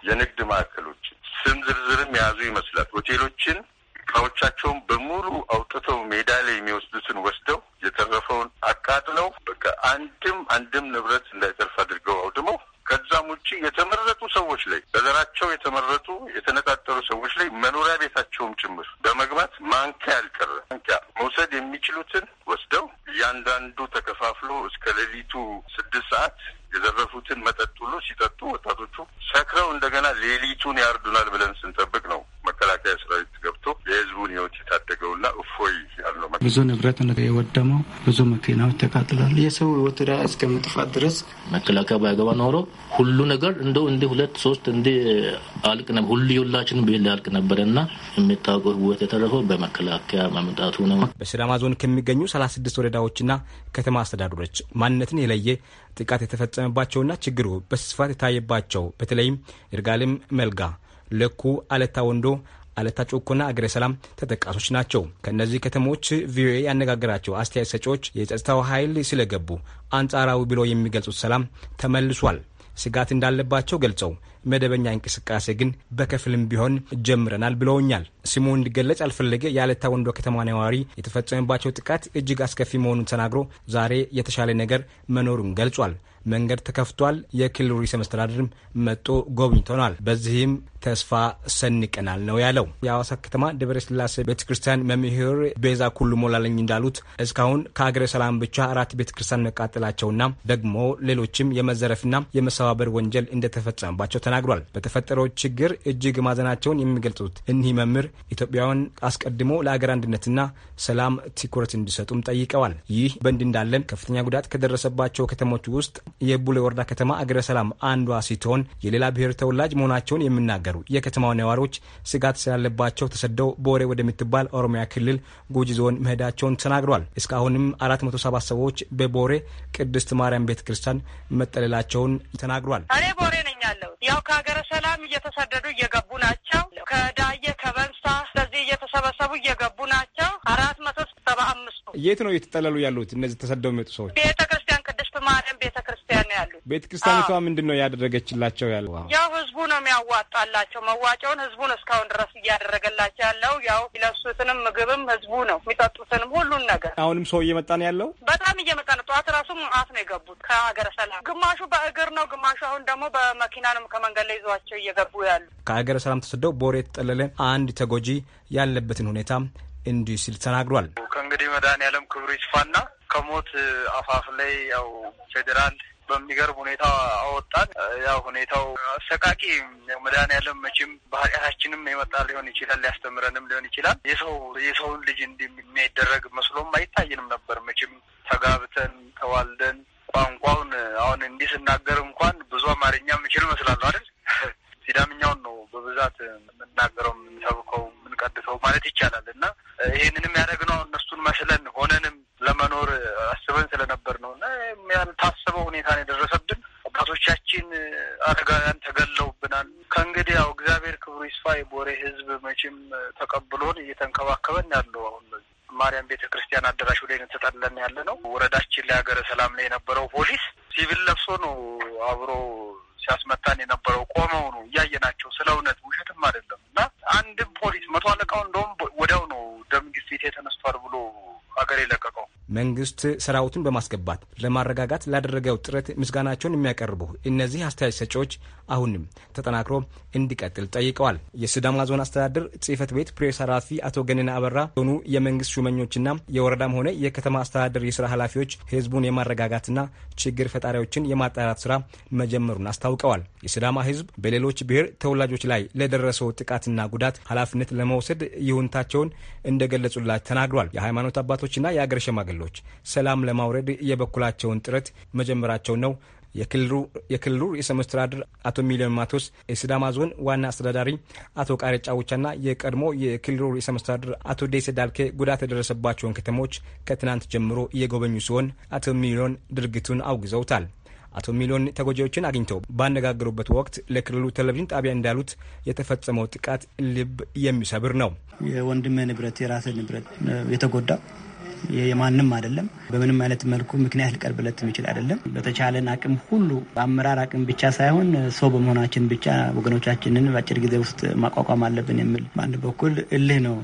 Speaker 2: የንግድ ማዕከሎችን ስም ዝርዝርም የያዙ ይመስላል ሆቴሎችን እቃዎቻቸውን በሙሉ አውጥተው ሜዳ ላይ የሚወስዱትን ወስደው የተረፈውን አቃጥለው በቃ አንድም አንድም ንብረት እንዳይተርፍ አድርገው አውድመው ከዛም ውጭ የተመረጡ ሰዎች ላይ በዘራቸው የተመረጡ የተነጣጠሩ ሰዎች ላይ መኖሪያ ቤታቸውም ጭምር በመግባት ማንኪያ ያልቀረ ማንኪያ መውሰድ የሚችሉትን ወስደው እያንዳንዱ ተከፋፍሎ እስከ ሌሊቱ ስድስት ሰዓት የዘረፉትን መጠጥ
Speaker 6: ሁሉ ሲጠጡ ወጣቶቹ ሰክረው እንደገና ሌሊቱን ያርዱናል ብለን ስንጠብቅ
Speaker 10: ነው መከላከያ ሰራዊት ገብቶ የህዝቡን ህይወት የታደገውና እፎይ ያለው ብዙ ንብረት የወደመው
Speaker 3: ብዙ መኪናዎች ተቃጥሏል።
Speaker 9: የሰው ህይወት እስከ መጥፋት ድረስ መከላከያ ባይገባ ኖሮ ሁሉ ነገር እንደ እንደ ሁለት ሶስት እንደ አልቅ ነበር ሁሉ የሁላችንም ብሄል ያልቅ ነበረ እና
Speaker 5: የሚታወቀው ህይወት የተረፈው በመከላከያ መምጣቱ ነው።
Speaker 10: በሲዳማ ዞን ከሚገኙ 36 ወረዳዎችና ከተማ አስተዳደሮች ማንነትን የለየ ጥቃት የተፈጸመባቸውና ችግሩ በስፋት የታየባቸው በተለይም ይርጋለም፣ መልጋ ልኩ አለታ ወንዶ አለታ ጮኮና አገረ ሰላም ተጠቃሾች ናቸው። ከእነዚህ ከተሞች ቪኦኤ ያነጋገራቸው አስተያየት ሰጪዎች የጸጥታው ኃይል ስለገቡ አንጻራዊ ብሎ የሚገልጹት ሰላም ተመልሷል። ስጋት እንዳለባቸው ገልጸው መደበኛ እንቅስቃሴ ግን በከፊልም ቢሆን ጀምረናል ብለውኛል። ስሙ እንዲገለጽ ያልፈለገ የአለታ ወንዶ ከተማ ነዋሪ የተፈጸመባቸው ጥቃት እጅግ አስከፊ መሆኑን ተናግሮ ዛሬ የተሻለ ነገር መኖሩን ገልጿል። መንገድ ተከፍቷል። የክልሉ ርዕሰ መስተዳድርም መጦ ጎብኝቶናል። በዚህም ተስፋ ሰንቀናል ነው ያለው። የአዋሳ ከተማ ደብረ ስላሴ ቤተክርስቲያን መምህር ቤዛ ኩሉ ሞላለኝ እንዳሉት እስካሁን ከሀገረ ሰላም ብቻ አራት ቤተክርስቲያን መቃጠላቸውና ደግሞ ሌሎችም የመዘረፍና የመሰባበር ወንጀል እንደተፈጸመባቸው ተናግሯል። በተፈጠረው ችግር እጅግ ማዘናቸውን የሚገልጹት እኒህ መምህር ኢትዮጵያውያን አስቀድሞ ለአገር አንድነትና ሰላም ትኩረት እንዲሰጡም ጠይቀዋል። ይህ በእንዲህ እንዳለም ከፍተኛ ጉዳት ከደረሰባቸው ከተሞች ውስጥ የቡሌ ወረዳ ከተማ አገረ ሰላም አንዷ ስትሆን የሌላ ብሔር ተወላጅ መሆናቸውን የሚናገሩ የከተማው ነዋሪዎች ስጋት ስላለባቸው ተሰደው ቦሬ ወደምትባል ኦሮሚያ ክልል ጉጂ ዞን መሄዳቸውን ተናግሯል። እስካሁንም 407 ሰዎች በቦሬ ቅድስት ማርያም ቤተ ክርስቲያን መጠለላቸውን ተናግሯል። እኔ
Speaker 5: ቦሬ ነኝ ያለው ያው ከሀገረ ሰላም እየተሰደዱ እየገቡ ናቸው። ከዳየ ከበንሳ ስለዚህ እየተሰበሰቡ እየገቡ ናቸው። አራት
Speaker 10: መቶ ሰባ አምስቱ የት ነው እየተጠለሉ ያሉት እነዚህ ተሰደው የሚመጡ ሰዎች? ማርያም ቤተ ክርስቲያን ነው ያሉት። ቤተ ክርስቲያኒቷ ምንድን ነው ያደረገችላቸው? ያለ
Speaker 5: ያው ህዝቡ ነው የሚያዋጣላቸው መዋጫውን ህዝቡ እስካሁን ድረስ እያደረገላቸው ያለው። ያው የሚለብሱትንም ምግብም ህዝቡ ነው የሚጠጡትንም ሁሉን ነገር።
Speaker 10: አሁንም ሰው እየመጣ ነው ያለው፣
Speaker 5: በጣም እየመጣ ነው። ጠዋት ራሱ መዓት ነው የገቡት ከሀገረ ሰላም፣ ግማሹ በእግር ነው፣ ግማሹ አሁን ደግሞ በመኪና ነው ከመንገድ ላይ ይዟቸው እየገቡ ያሉ።
Speaker 10: ከሀገረ ሰላም ተሰደው ቦሬ የተጠለለ አንድ ተጎጂ ያለበትን ሁኔታ እንዲህ ሲል ተናግሯል።
Speaker 3: ከእንግዲህ መድኃኔዓለም ክብሩ ይስፋና ከሞት አፋፍ ላይ ያው ፌዴራል በሚገርም ሁኔታ አወጣን። ያው ሁኔታው አሰቃቂ መድኃኒዓለም መቼም በኃጢአታችንም የመጣ ሊሆን ይችላል፣ ሊያስተምረንም ሊሆን ይችላል። የሰው የሰውን ልጅ እንዲህ የሚያይደረግ መስሎም አይታይንም ነበር። መቼም ተጋብተን ተዋልደን ቋንቋውን አሁን እንዲህ ስናገር እንኳን ብዙ አማርኛ የምችል እመስላለሁ አይደል? ሲዳምኛውን ነው በብዛት የምናገረው የምንሰብከውም ቀድሰው ማለት ይቻላል እና ይህንንም ያደረግነው እነሱን መስለን ሆነንም ለመኖር አስበን ስለነበር ነው እና ያልታሰበው ሁኔታ ነው የደረሰብን። አባቶቻችን አረጋውያን ተገለውብናል። ከእንግዲህ ያው እግዚአብሔር ክብሩ ይስፋ የቦሬ ሕዝብ መቼም ተቀብሎን እየተንከባከበን ያለው አሁን ማርያም ቤተ ክርስቲያን አዳራሽ ላይ ተጠለን ያለ ነው። ወረዳችን ላይ ሀገረ ሰላም ላይ የነበረው ፖሊስ ሲቪል ለብሶ ነው አብሮ ሲያስመታን የነበረው ቆመው ነው እያየናቸው ስለ እውነት ውሸትም አይደለም እና አንድም ፖሊስ መቶ አለቃው እንደውም ወዲያው ነው ደምግፊት የተነስቷል ብሎ
Speaker 10: ሀገር የለቀቀው። መንግስት ሰራዊቱን በማስገባት ለማረጋጋት ላደረገው ጥረት ምስጋናቸውን የሚያቀርቡ እነዚህ አስተያየት ሰጪዎች አሁንም ተጠናክሮ እንዲቀጥል ጠይቀዋል። የሲዳማ ዞን አስተዳደር ጽህፈት ቤት ፕሬስ ኃላፊ አቶ ገነነ አበራ ዞኑ የመንግስት ሹመኞችና የወረዳም ሆነ የከተማ አስተዳደር የስራ ኃላፊዎች ህዝቡን የማረጋጋትና ችግር ፈጣሪዎችን የማጣራት ስራ መጀመሩን አስታውቀዋል። የሲዳማ ህዝብ በሌሎች ብሔር ተወላጆች ላይ ለደረሰው ጥቃትና ጉዳት ኃላፊነት ለመውሰድ ይሁንታቸውን እንደገለጹላት ተናግሯል። የሃይማኖት አባቶ ወጣቶችና የአገር ሸማግሎች ሰላም ለማውረድ የበኩላቸውን ጥረት መጀመራቸው ነው የክልሉ ርዕሰ መስተዳድር አቶ ሚሊዮን ማቶስ፣ የሲዳማ ዞን ዋና አስተዳዳሪ አቶ ቃሬጫ ውቻና የቀድሞ የክልሉ ርዕሰ መስተዳድር አቶ ደሴ ዳልኬ ጉዳት የደረሰባቸውን ከተሞች ከትናንት ጀምሮ እየጎበኙ ሲሆን አቶ ሚሊዮን ድርጊቱን አውግዘውታል። አቶ ሚሊዮን ተጎጂዎችን አግኝተው ባነጋገሩበት ወቅት ለክልሉ ቴሌቪዥን ጣቢያ እንዳሉት የተፈጸመው ጥቃት ልብ የሚሰብር ነው። የወንድሜ ንብረት የራሴ ንብረት የተጎዳ
Speaker 12: የማንም አይደለም። በምንም አይነት መልኩ ምክንያት ሊቀርብለት የሚችል አይደለም። በተቻለን አቅም ሁሉ በአመራር አቅም ብቻ ሳይሆን ሰው በመሆናችን ብቻ ወገኖቻችንን በአጭር ጊዜ ውስጥ ማቋቋም አለብን የሚል በአንድ በኩል እልህ ነው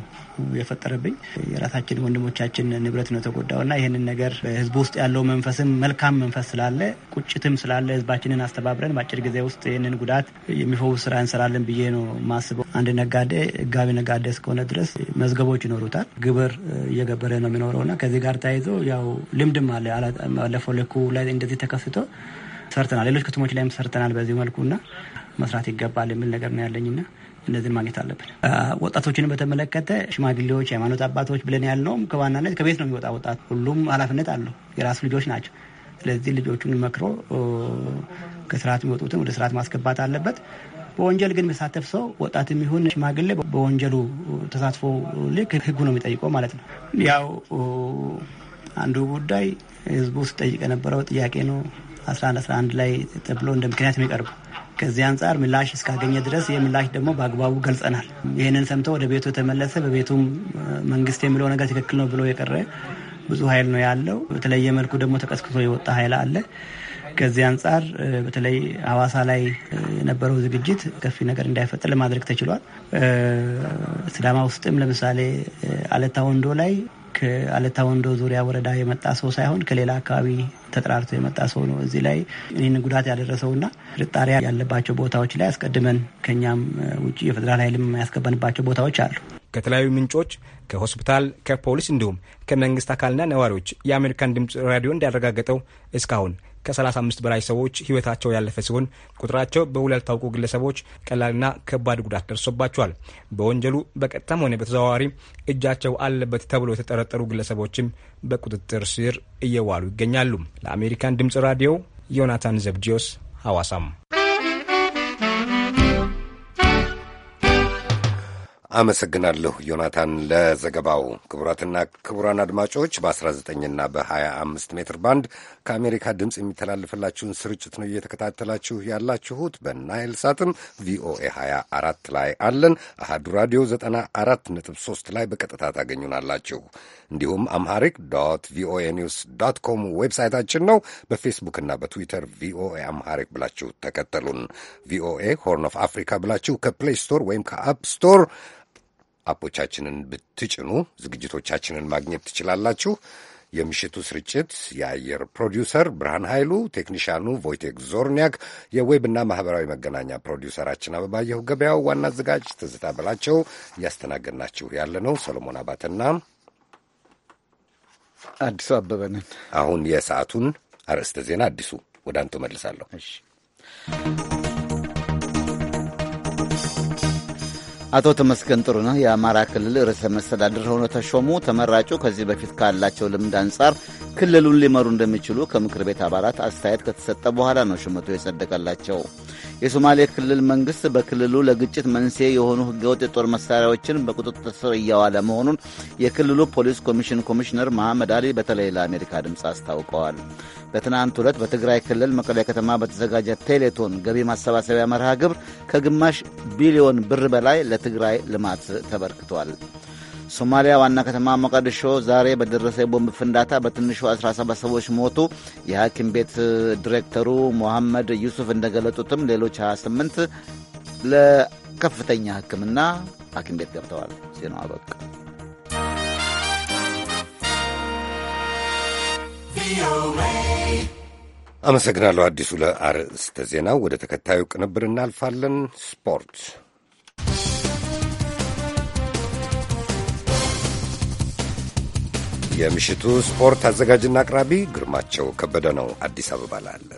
Speaker 12: የፈጠረብኝ የራሳችን ወንድሞቻችን ንብረት ነው ተጎዳው እና ይህንን ነገር በህዝቡ ውስጥ ያለው መንፈስም መልካም መንፈስ ስላለ ቁጭትም ስላለ ህዝባችንን አስተባብረን በአጭር ጊዜ ውስጥ ይህንን ጉዳት የሚፈውስ ስራ እንሰራለን ብዬ ነው ማስበው። አንድ ነጋዴ ህጋዊ ነጋዴ እስከሆነ ድረስ መዝገቦች ይኖሩታል። ግብር እየገበረ ነው የሚኖረው እና ከዚህ ጋር ተያይዞ ያው ልምድም አለ ባለፈው ልኩ ላይ እንደዚህ ተከስቶ ሰርተናል። ሌሎች ከተሞች ላይም ሰርተናል በዚህ መልኩ እና መስራት ይገባል የሚል ነገር ነው ያለኝና እነዚህን ማግኘት አለብን። ወጣቶችን በተመለከተ ሽማግሌዎች፣ ሃይማኖት አባቶች ብለን ያልነውም ከዋናነት ከቤት ነው የሚወጣ ወጣት። ሁሉም ኃላፊነት አለው። የራሱ ልጆች ናቸው። ስለዚህ ልጆቹን መክሮ ከስርዓት የሚወጡትን ወደ ስርዓት ማስገባት አለበት። በወንጀል ግን የሚሳተፍ ሰው ወጣት የሚሆን ሽማግሌ በወንጀሉ ተሳትፎ ልክ ህጉ ነው የሚጠይቀው ማለት ነው። ያው አንዱ ጉዳይ ህዝቡ ስጠይቅ የነበረው ጥያቄ ነው። 11 11 ላይ ተብሎ እንደ ምክንያት የሚቀርበው ከዚህ አንጻር ምላሽ እስካገኘ ድረስ ይህ ምላሽ ደግሞ በአግባቡ ገልጸናል። ይህንን ሰምተው ወደ ቤቱ የተመለሰ በቤቱም መንግስት የሚለው ነገር ትክክል ነው ብሎ የቀረ ብዙ ኃይል ነው ያለው። በተለየ መልኩ ደግሞ ተቀስቅሶ የወጣ ኃይል አለ። ከዚህ አንጻር በተለይ ሐዋሳ ላይ የነበረው ዝግጅት ከፊ ነገር እንዳይፈጠር ለማድረግ ተችሏል። ስዳማ ውስጥም ለምሳሌ አለታ ወንዶ ላይ ከአለታ ወንዶ ዙሪያ ወረዳ የመጣ ሰው ሳይሆን ከሌላ አካባቢ ተጠራርቶ የመጣ ሰው ነው። እዚህ ላይ ይህን ጉዳት ያደረሰውና ጥርጣሬ ያለባቸው ቦታዎች ላይ አስቀድመን ከኛም ውጭ የፌዴራል ኃይልም ያስገባንባቸው ቦታዎች አሉ።
Speaker 10: ከተለያዩ ምንጮች ከሆስፒታል፣ ከፖሊስ እንዲሁም ከመንግስት አካልና ነዋሪዎች የአሜሪካን ድምፅ ራዲዮ እንዳረጋገጠው እስካሁን ከ35 በላይ ሰዎች ህይወታቸው ያለፈ ሲሆን ቁጥራቸው በውል ያልታወቁ ግለሰቦች ቀላልና ከባድ ጉዳት ደርሶባቸዋል። በወንጀሉ በቀጥታም ሆነ በተዘዋዋሪ እጃቸው አለበት ተብሎ የተጠረጠሩ ግለሰቦችም በቁጥጥር ስር እየዋሉ ይገኛሉ። ለአሜሪካን ድምጽ ራዲዮ ዮናታን ዘብዲዮስ ሐዋሳም
Speaker 2: አመሰግናለሁ ዮናታን ለዘገባው። ክቡራትና ክቡራን አድማጮች በ19ና በ25 ሜትር ባንድ ከአሜሪካ ድምፅ የሚተላልፍላችሁን ስርጭት ነው እየተከታተላችሁ ያላችሁት። በናይል ሳትም ቪኦኤ 24 ላይ አለን። አሃዱ ራዲዮ 94.3 ላይ በቀጥታ ታገኙናላችሁ። እንዲሁም አምሃሪክ ዶት ቪኦኤ ኒውስ ዶት ኮም ዌብሳይታችን ነው። በፌስቡክና በትዊተር ቪኦኤ አምሃሪክ ብላችሁ ተከተሉን። ቪኦኤ ሆርን ኦፍ አፍሪካ ብላችሁ ከፕሌይ ስቶር ወይም ከአፕ ስቶር አፖቻችንን ብትጭኑ ዝግጅቶቻችንን ማግኘት ትችላላችሁ። የምሽቱ ስርጭት የአየር ፕሮዲውሰር ብርሃን ኃይሉ፣ ቴክኒሻኑ ቮይቴክ ዞርኒያክ፣ የዌብና ማህበራዊ መገናኛ ፕሮዲውሰራችን አበባየሁ ገበያው፣ ዋና አዘጋጅ ትዝታ በላቸው። እያስተናገድናችሁ ያለ ነው ሰሎሞን አባትና አዲሱ አበበንን። አሁን የሰዓቱን አርዕስተ ዜና አዲሱ ወደ አንተ መልሳለሁ። አቶ ተመስገን ጥሩነህ የአማራ
Speaker 1: ክልል ርዕሰ መስተዳድር ሆኖ ተሾሙ። ተመራጩ ከዚህ በፊት ካላቸው ልምድ አንጻር ክልሉን ሊመሩ እንደሚችሉ ከምክር ቤት አባላት አስተያየት ከተሰጠ በኋላ ነው ሹመቱ የጸደቀላቸው። የሶማሌ ክልል መንግስት በክልሉ ለግጭት መንስኤ የሆኑ ህገወጥ የጦር መሳሪያዎችን በቁጥጥር ስር እያዋለ መሆኑን የክልሉ ፖሊስ ኮሚሽን ኮሚሽነር መሐመድ አሊ በተለይ ለአሜሪካ ድምፅ አስታውቀዋል። በትናንት ሁለት በትግራይ ክልል መቀሌ ከተማ በተዘጋጀ ቴሌቶን ገቢ ማሰባሰቢያ መርሃ ግብር ከግማሽ ቢሊዮን ብር በላይ ለትግራይ ልማት ተበርክቷል። ሶማሊያ ዋና ከተማ ሞቃዲሾ ዛሬ በደረሰ የቦምብ ፍንዳታ በትንሹ 17 ሰዎች ሞቱ። የሐኪም ቤት ዲሬክተሩ ሞሐመድ ዩሱፍ እንደገለጡትም ሌሎች 28 ለከፍተኛ ሕክምና ሐኪም ቤት ገብተዋል።
Speaker 2: ዜናው አበቃ። አመሰግናለሁ አዲሱ ለአርዕስተ ዜናው። ወደ ተከታዩ ቅንብር እናልፋለን። ስፖርት የምሽቱ ስፖርት አዘጋጅና አቅራቢ ግርማቸው ከበደ ነው። አዲስ አበባ ላለ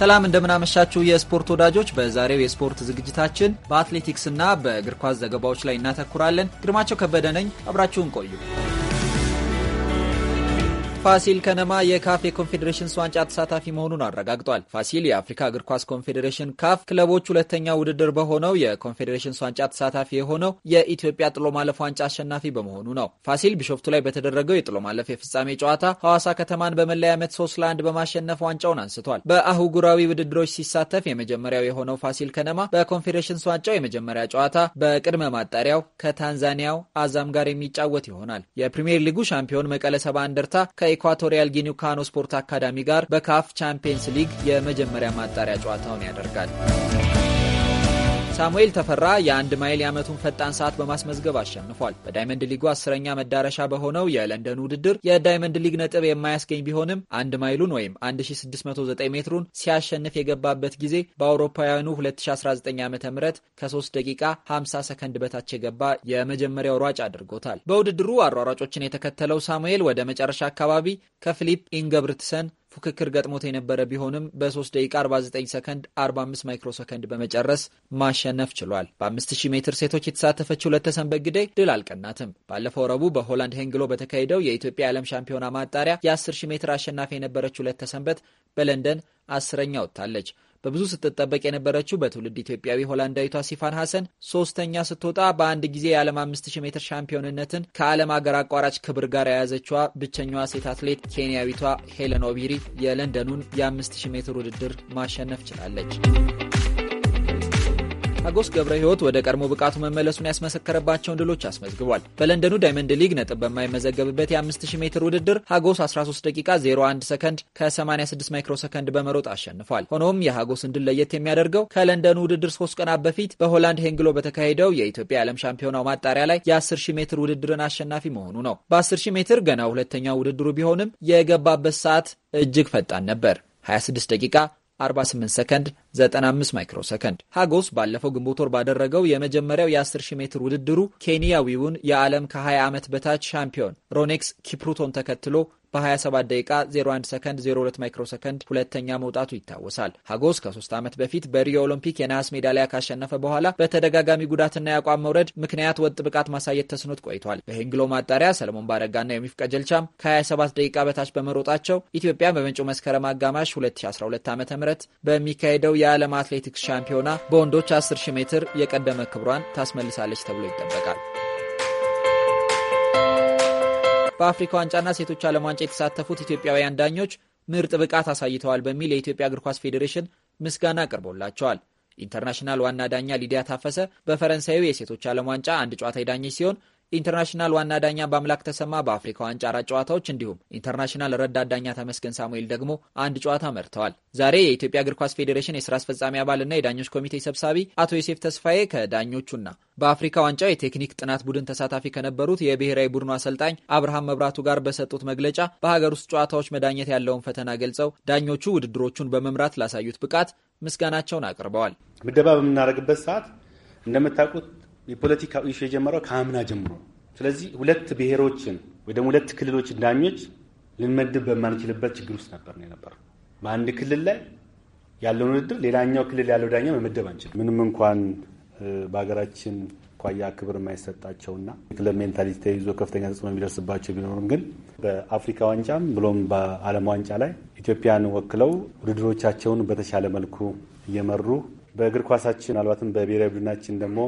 Speaker 13: ሰላም እንደምናመሻችሁ የስፖርት ወዳጆች። በዛሬው የስፖርት ዝግጅታችን በአትሌቲክስና በእግር ኳስ ዘገባዎች ላይ እናተኩራለን። ግርማቸው ከበደ ነኝ። አብራችሁን ቆዩ። ፋሲል ከነማ የካፍ የኮንፌዴሬሽንስ ዋንጫ ተሳታፊ መሆኑን አረጋግጧል። ፋሲል የአፍሪካ እግር ኳስ ኮንፌዴሬሽን ካፍ ክለቦች ሁለተኛ ውድድር በሆነው የኮንፌዴሬሽንስ ዋንጫ ተሳታፊ የሆነው የኢትዮጵያ ጥሎ ማለፍ ዋንጫ አሸናፊ በመሆኑ ነው። ፋሲል ቢሾፍቱ ላይ በተደረገው የጥሎ ማለፍ የፍጻሜ ጨዋታ ሐዋሳ ከተማን በመለያ ምት ሶስት ለአንድ በማሸነፍ ዋንጫውን አንስቷል። በአህጉራዊ ውድድሮች ሲሳተፍ የመጀመሪያው የሆነው ፋሲል ከነማ በኮንፌዴሬሽንስ ዋንጫው የመጀመሪያ ጨዋታ በቅድመ ማጣሪያው ከታንዛኒያው አዛም ጋር የሚጫወት ይሆናል። የፕሪምየር ሊጉ ሻምፒዮን መቀለ ሰባ እንደርታ ከኢኳቶሪያል ጊኒው ካኖ ስፖርት አካዳሚ ጋር በካፍ ቻምፒየንስ ሊግ የመጀመሪያ ማጣሪያ ጨዋታውን ያደርጋል። ሳሙኤል ተፈራ የአንድ ማይል የዓመቱን ፈጣን ሰዓት በማስመዝገብ አሸንፏል። በዳይመንድ ሊጉ አስረኛ መዳረሻ በሆነው የለንደን ውድድር የዳይመንድ ሊግ ነጥብ የማያስገኝ ቢሆንም አንድ ማይሉን ወይም 1609 ሜትሩን ሲያሸንፍ የገባበት ጊዜ በአውሮፓውያኑ 2019 ዓ ም ከ3 ደቂቃ 50 ሰከንድ በታች የገባ የመጀመሪያው ሯጭ አድርጎታል። በውድድሩ አሯሯጮችን የተከተለው ሳሙኤል ወደ መጨረሻ አካባቢ ከፊሊፕ ኢንገብርትሰን ፉክክር ገጥሞት የነበረ ቢሆንም በ3 ደቂቃ 49 ሰከንድ 45 ማይክሮ ሰከንድ በመጨረስ ማሸነፍ ችሏል። በ5000 ሜትር ሴቶች የተሳተፈችው ለተሰንበት ግዴ ድል አልቀናትም። ባለፈው ረቡዕ በሆላንድ ሄንግሎ በተካሄደው የኢትዮጵያ የዓለም ሻምፒዮና ማጣሪያ የ10000 ሜትር አሸናፊ የነበረችው ለተሰንበት በለንደን አስረኛ ወጥታለች። በብዙ ስትጠበቅ የነበረችው በትውልድ ኢትዮጵያዊ ሆላንዳዊቷ ሲፋን ሐሰን ሶስተኛ ስትወጣ በአንድ ጊዜ የዓለም 5000 ሜትር ሻምፒዮንነትን ከዓለም አገር አቋራጭ ክብር ጋር የያዘችዋ ብቸኛዋ ሴት አትሌት ኬንያዊቷ ሄለን ኦቢሪ የለንደኑን የ5000 ሜትር ውድድር ማሸነፍ ችላለች። ሀጎስ ገብረ ህይወት ወደ ቀድሞ ብቃቱ መመለሱን ያስመሰከረባቸውን ድሎች አስመዝግቧል። በለንደኑ ዳይመንድ ሊግ ነጥብ በማይመዘገብበት የ5000 ሜትር ውድድር ሀጎስ 13 ደቂቃ 01 ሰከንድ ከ86 ማይክሮ ሰከንድ በመሮጥ አሸንፏል። ሆኖም የሀጎስን ድል ለየት የሚያደርገው ከለንደኑ ውድድር ሶስት ቀናት በፊት በሆላንድ ሄንግሎ በተካሄደው የኢትዮጵያ የዓለም ሻምፒዮናው ማጣሪያ ላይ የ10000 ሜትር ውድድርን አሸናፊ መሆኑ ነው። በ10000 ሜትር ገና ሁለተኛው ውድድሩ ቢሆንም የገባበት ሰዓት እጅግ ፈጣን ነበር 26 ደቂቃ 48 ሰከንድ 95 ማይክሮ ሰከንድ። ሃጎስ ባለፈው ግንቦት ወር ባደረገው የመጀመሪያው የ10000 ሜትር ውድድሩ ኬንያዊውን የዓለም ከ20 ዓመት በታች ሻምፒዮን ሮኔክስ ኪፕሩቶን ተከትሎ በ27 ደቂቃ 01 ሰከንድ 02 ማይክሮ ሰከንድ ሁለተኛ መውጣቱ ይታወሳል። ሀጎስ ከሶስት ዓመት በፊት በሪዮ ኦሎምፒክ የነሐስ ሜዳሊያ ካሸነፈ በኋላ በተደጋጋሚ ጉዳትና የአቋም መውረድ ምክንያት ወጥ ብቃት ማሳየት ተስኖት ቆይቷል። በሄንግሎ ማጣሪያ ሰለሞን ባረጋና የሚፍ ቀጀልቻም ከ27 ደቂቃ በታች በመሮጣቸው ኢትዮጵያ በመጪው መስከረም አጋማሽ 2012 ዓ ም በሚካሄደው የዓለም አትሌቲክስ ሻምፒዮና በወንዶች 10,000 ሜትር የቀደመ ክብሯን ታስመልሳለች ተብሎ ይጠበቃል። በአፍሪካ ዋንጫና ሴቶች ዓለም ዋንጫ የተሳተፉት ኢትዮጵያውያን ዳኞች ምርጥ ብቃት አሳይተዋል በሚል የኢትዮጵያ እግር ኳስ ፌዴሬሽን ምስጋና አቅርቦላቸዋል። ኢንተርናሽናል ዋና ዳኛ ሊዲያ ታፈሰ በፈረንሳዩ የሴቶች ዓለም ዋንጫ አንድ ጨዋታ የዳኘች ሲሆን ኢንተርናሽናል ዋና ዳኛ በአምላክ ተሰማ በአፍሪካ ዋንጫ አራት ጨዋታዎች እንዲሁም ኢንተርናሽናል ረዳት ዳኛ ተመስገን ሳሙኤል ደግሞ አንድ ጨዋታ መርተዋል። ዛሬ የኢትዮጵያ እግር ኳስ ፌዴሬሽን የስራ አስፈጻሚ አባልና የዳኞች ኮሚቴ ሰብሳቢ አቶ ዮሴፍ ተስፋዬ ከዳኞቹና በአፍሪካ ዋንጫ የቴክኒክ ጥናት ቡድን ተሳታፊ ከነበሩት የብሔራዊ ቡድኑ አሰልጣኝ አብርሃም መብራቱ ጋር በሰጡት መግለጫ በሀገር ውስጥ ጨዋታዎች መዳኘት ያለውን ፈተና ገልጸው ዳኞቹ ውድድሮቹን በመምራት ላሳዩት ብቃት ምስጋናቸውን አቅርበዋል። ምደባ በምናደርግበት ሰዓት እንደምታውቁት የፖለቲካ ኢሹ የጀመረው ከአምና ጀምሮ ስለዚህ ሁለት ብሔሮችን
Speaker 3: ወይ ደግሞ ሁለት ክልሎች ዳኞች ልንመድብ በማንችልበት ችግር ውስጥ ነበር ነው የነበር። በአንድ ክልል ላይ ያለውን ውድድር ሌላኛው ክልል ያለው ዳኛ መመደብ አንችልም። ምንም እንኳን በሀገራችን ኳያ ክብር የማይሰጣቸውና ክለብ ሜንታሊቲ ተይዞ ከፍተኛ ተጽዕኖ የሚደርስባቸው ቢኖሩም ግን በአፍሪካ ዋንጫም ብሎም በዓለም ዋንጫ ላይ ኢትዮጵያን ወክለው ውድድሮቻቸውን በተሻለ መልኩ እየመሩ በእግር ኳሳችን ምናልባትም በብሔራዊ ቡድናችን ደግሞ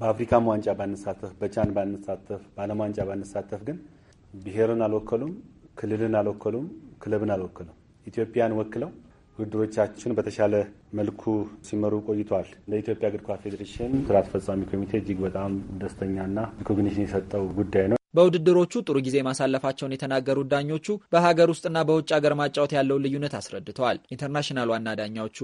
Speaker 3: በአፍሪካም ዋንጫ ባንሳተፍ፣ በቻን ባንሳተፍ፣ በዓለም ዋንጫ ባንሳተፍ ግን ብሔርን አልወከሉም፣ ክልልን አልወከሉም፣ ክለብን አልወከሉም። ኢትዮጵያን ወክለው ውድድሮቻችን በተሻለ መልኩ ሲመሩ ቆይተዋል። ለኢትዮጵያ እግር ኳስ ፌዴሬሽን ስራ አስፈጻሚ ኮሚቴ እጅግ በጣም ደስተኛና ሪኮግኒሽን የሰጠው ጉዳይ ነው።
Speaker 13: በውድድሮቹ ጥሩ ጊዜ ማሳለፋቸውን የተናገሩት ዳኞቹ በሀገር ውስጥና በውጭ ሀገር ማጫወት ያለውን ልዩነት አስረድተዋል። ኢንተርናሽናል ዋና ዳኛዎቹ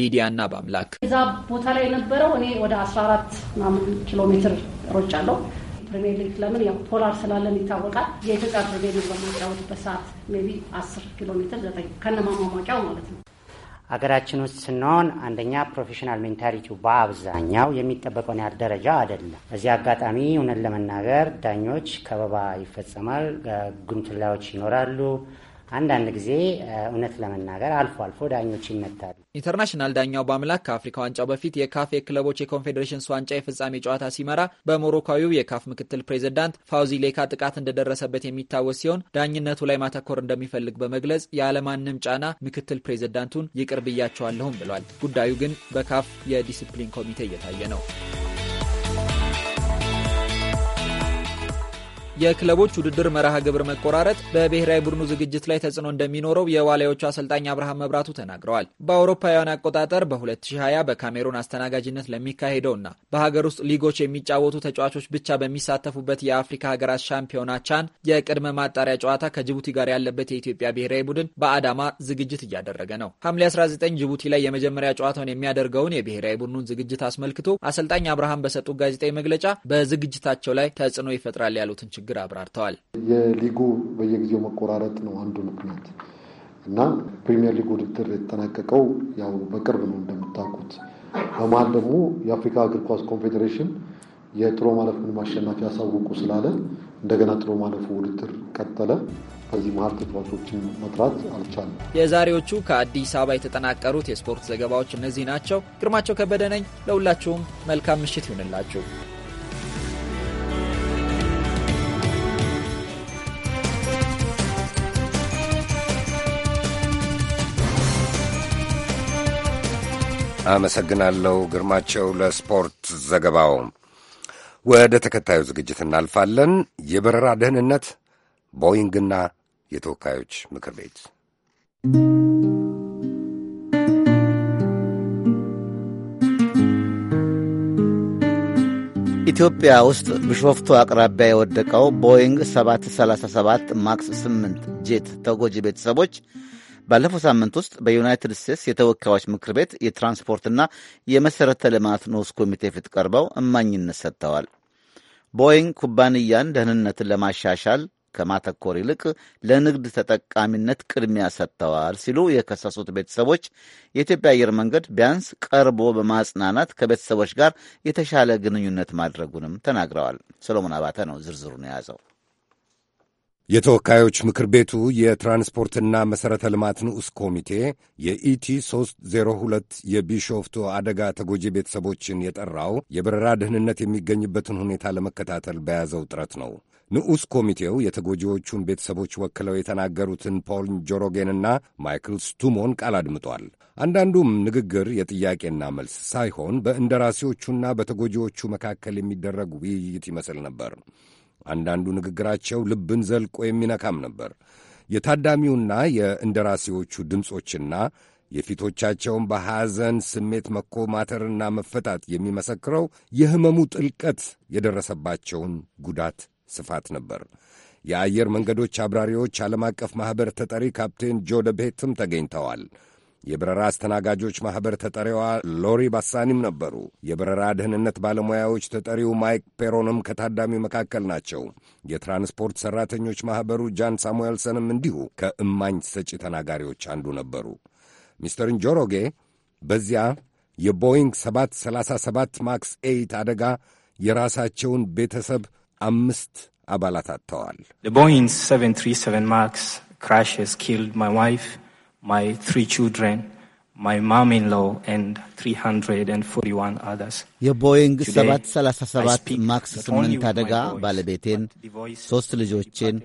Speaker 13: ሊዲያና በአምላክ
Speaker 14: እዛ ቦታ ላይ የነበረው እኔ ወደ 14 ምናምን ኪሎ ሜትር ሮጫለሁ። ፕሪሚየር ሊግ ለምን ያው ፖላር ስላለን ይታወቃል። የኢትዮጵያ ፕሪሚየር ሊግ በማጫወትበት ሰዓት ሜይ ቢ 10 ኪሎ ሜትር ዘጠኝ ከነማማሟቂያው ማለት ነው።
Speaker 12: አገራችን ውስጥ ስንሆን አንደኛ ፕሮፌሽናል ሜንታሊቲው በአብዛኛው የሚጠበቀውን ያህል ደረጃ አይደለም። በዚህ አጋጣሚ እውነት ለመናገር ዳኞች ከበባ ይፈጸማል፣ ጉንትላዎች ይኖራሉ፣ አንዳንድ ጊዜ እውነት ለመናገር አልፎ አልፎ ዳኞች ይመታሉ።
Speaker 13: ኢንተርናሽናል ዳኛው በአምላክ ከአፍሪካ ዋንጫው በፊት የካፍ የክለቦች የኮንፌዴሬሽንስ ዋንጫ የፍጻሜ ጨዋታ ሲመራ በሞሮካዊው የካፍ ምክትል ፕሬዚዳንት ፋውዚ ሌካ ጥቃት እንደደረሰበት የሚታወስ ሲሆን ዳኝነቱ ላይ ማተኮር እንደሚፈልግ በመግለጽ ያለማንም ጫና ምክትል ፕሬዚዳንቱን ይቅር ብያቸዋለሁም ብሏል። ጉዳዩ ግን በካፍ የዲሲፕሊን ኮሚቴ እየታየ ነው። የክለቦች ውድድር መርሃ ግብር መቆራረጥ በብሔራዊ ቡድኑ ዝግጅት ላይ ተጽዕኖ እንደሚኖረው የዋሊያዎቹ አሰልጣኝ አብርሃም መብራቱ ተናግረዋል። በአውሮፓውያን አቆጣጠር በ2020 በካሜሩን አስተናጋጅነት ለሚካሄደውና በሀገር ውስጥ ሊጎች የሚጫወቱ ተጫዋቾች ብቻ በሚሳተፉበት የአፍሪካ ሀገራት ሻምፒዮና ቻን የቅድመ ማጣሪያ ጨዋታ ከጅቡቲ ጋር ያለበት የኢትዮጵያ ብሔራዊ ቡድን በአዳማ ዝግጅት እያደረገ ነው። ሐምሌ 19 ጅቡቲ ላይ የመጀመሪያ ጨዋታውን የሚያደርገውን የብሔራዊ ቡድኑን ዝግጅት አስመልክቶ አሰልጣኝ አብርሃም በሰጡት ጋዜጣዊ መግለጫ በዝግጅታቸው ላይ ተጽዕኖ ይፈጥራል ያሉትን ችግር ችግር አብራርተዋል።
Speaker 8: የሊጉ በየጊዜው መቆራረጥ ነው አንዱ ምክንያት እና ፕሪሚየር ሊግ ውድድር የተጠናቀቀው ያው በቅርብ ነው እንደምታውቁት። በመሀል ደግሞ የአፍሪካ እግር ኳስ ኮንፌዴሬሽን የጥሎ ማለፉን ማሸናፊ ያሳውቁ ስላለ እንደገና ጥሎ ማለፉ ውድድር ቀጠለ። ከዚህ መሀል ተጫዋቾችን መጥራት አልቻለም።
Speaker 13: የዛሬዎቹ ከአዲስ አበባ የተጠናቀሩት የስፖርት ዘገባዎች እነዚህ ናቸው። ግርማቸው ከበደ ነኝ። ለሁላችሁም መልካም ምሽት ይሁንላችሁ።
Speaker 2: አመሰግናለሁ ግርማቸው ለስፖርት ዘገባው። ወደ ተከታዩ ዝግጅት እናልፋለን። የበረራ ደህንነት፣ ቦይንግና የተወካዮች ምክር ቤት
Speaker 1: ኢትዮጵያ ውስጥ ብሾፍቱ አቅራቢያ የወደቀው ቦይንግ 737 ማክስ 8 ጄት ተጎጂ ቤተሰቦች ባለፈው ሳምንት ውስጥ በዩናይትድ ስቴትስ የተወካዮች ምክር ቤት የትራንስፖርትና የመሠረተ ልማት ንዑስ ኮሚቴ ፊት ቀርበው እማኝነት ሰጥተዋል። ቦይንግ ኩባንያን ደህንነትን ለማሻሻል ከማተኮር ይልቅ ለንግድ ተጠቃሚነት ቅድሚያ ሰጥተዋል ሲሉ የከሰሱት ቤተሰቦች የኢትዮጵያ አየር መንገድ ቢያንስ ቀርቦ በማጽናናት ከቤተሰቦች ጋር የተሻለ ግንኙነት ማድረጉንም ተናግረዋል። ሰሎሞን አባተ ነው ዝርዝሩን የያዘው።
Speaker 2: የተወካዮች ምክር ቤቱ የትራንስፖርትና መሠረተ ልማት ንዑስ ኮሚቴ የኢቲ 302 የቢሾፍቱ አደጋ ተጎጂ ቤተሰቦችን የጠራው የበረራ ደህንነት የሚገኝበትን ሁኔታ ለመከታተል በያዘው ጥረት ነው። ንዑስ ኮሚቴው የተጎጂዎቹን ቤተሰቦች ወክለው የተናገሩትን ፖል ጆሮጌንና ማይክል ስቱሞን ቃል አድምጧል። አንዳንዱም ንግግር የጥያቄና መልስ ሳይሆን በእንደራሴዎቹና በተጎጂዎቹ መካከል የሚደረግ ውይይት ይመስል ነበር። አንዳንዱ ንግግራቸው ልብን ዘልቆ የሚነካም ነበር። የታዳሚውና የእንደራሴዎቹ ድምፆችና የፊቶቻቸውን በሐዘን ስሜት መኮማተርና መፈታት የሚመሰክረው የሕመሙ ጥልቀት የደረሰባቸውን ጉዳት ስፋት ነበር። የአየር መንገዶች አብራሪዎች ዓለም አቀፍ ማኅበር ተጠሪ ካፕቴን ጆ ደቤትም ተገኝተዋል። የበረራ አስተናጋጆች ማኅበር ተጠሪዋ ሎሪ ባሳኒም ነበሩ። የበረራ ደህንነት ባለሙያዎች ተጠሪው ማይክ ፔሮንም ከታዳሚው መካከል ናቸው። የትራንስፖርት ሠራተኞች ማኅበሩ ጃን ሳሙኤልሰንም እንዲሁ ከእማኝ ሰጪ ተናጋሪዎች አንዱ ነበሩ። ሚስተር እንጆሮጌ በዚያ የቦይንግ 737 ማክስ ኤይት አደጋ የራሳቸውን ቤተሰብ አምስት አባላት አጥተዋል።
Speaker 10: ቦይንግ 737 ማክስ ክራሽ ኪልድ ማይ ዋይፍ my three children, my mom-in-law and 341 others. የቦይንግ 737 ማክስ 8 አደጋ
Speaker 1: ባለቤቴን፣ ሶስት ልጆቼን፣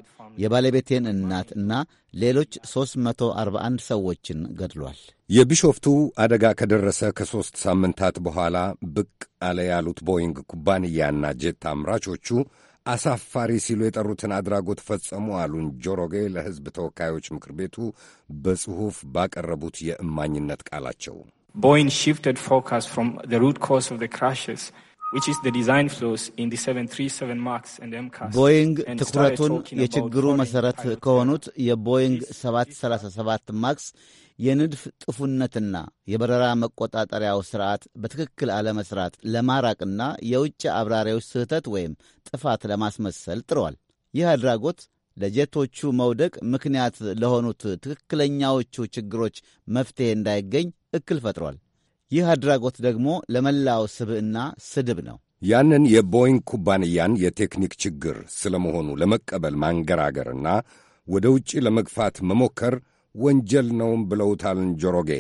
Speaker 1: የባለቤቴን እናት እና ሌሎች 341 ሰዎችን ገድሏል።
Speaker 2: የቢሾፍቱ አደጋ ከደረሰ ከሦስት ሳምንታት በኋላ ብቅ አለ ያሉት ቦይንግ ኩባንያና ጄት አምራቾቹ አሳፋሪ ሲሉ የጠሩትን አድራጎት ፈጸሙ አሉን ጆሮጌ ለሕዝብ ተወካዮች ምክር ቤቱ በጽሑፍ ባቀረቡት የእማኝነት ቃላቸው። ቦይንግ ሽፍትድ ፎከስ ፍሮም ዘ ሩት ኮዝ ኦፍ ዘ ክራሽስ
Speaker 10: ቦይንግ ትኩረቱን የችግሩ
Speaker 1: መሠረት ከሆኑት የቦይንግ 737 ማክስ የንድፍ ጥፉነትና የበረራ መቆጣጠሪያው ስርዓት በትክክል አለመስራት ለማራቅና የውጭ አብራሪዎች ስህተት ወይም ጥፋት ለማስመሰል ጥሯል። ይህ አድራጎት ለጀቶቹ መውደቅ ምክንያት ለሆኑት ትክክለኛዎቹ ችግሮች መፍትሔ እንዳይገኝ እክል ፈጥሯል። ይህ አድራጎት ደግሞ ለመላው ስብዕና ስድብ ነው።
Speaker 2: ያንን የቦይንግ ኩባንያን የቴክኒክ ችግር ስለመሆኑ ለመቀበል ማንገራገርና ወደ ውጭ ለመግፋት መሞከር ወንጀል ነውም ብለውታል እንጆሮጌ።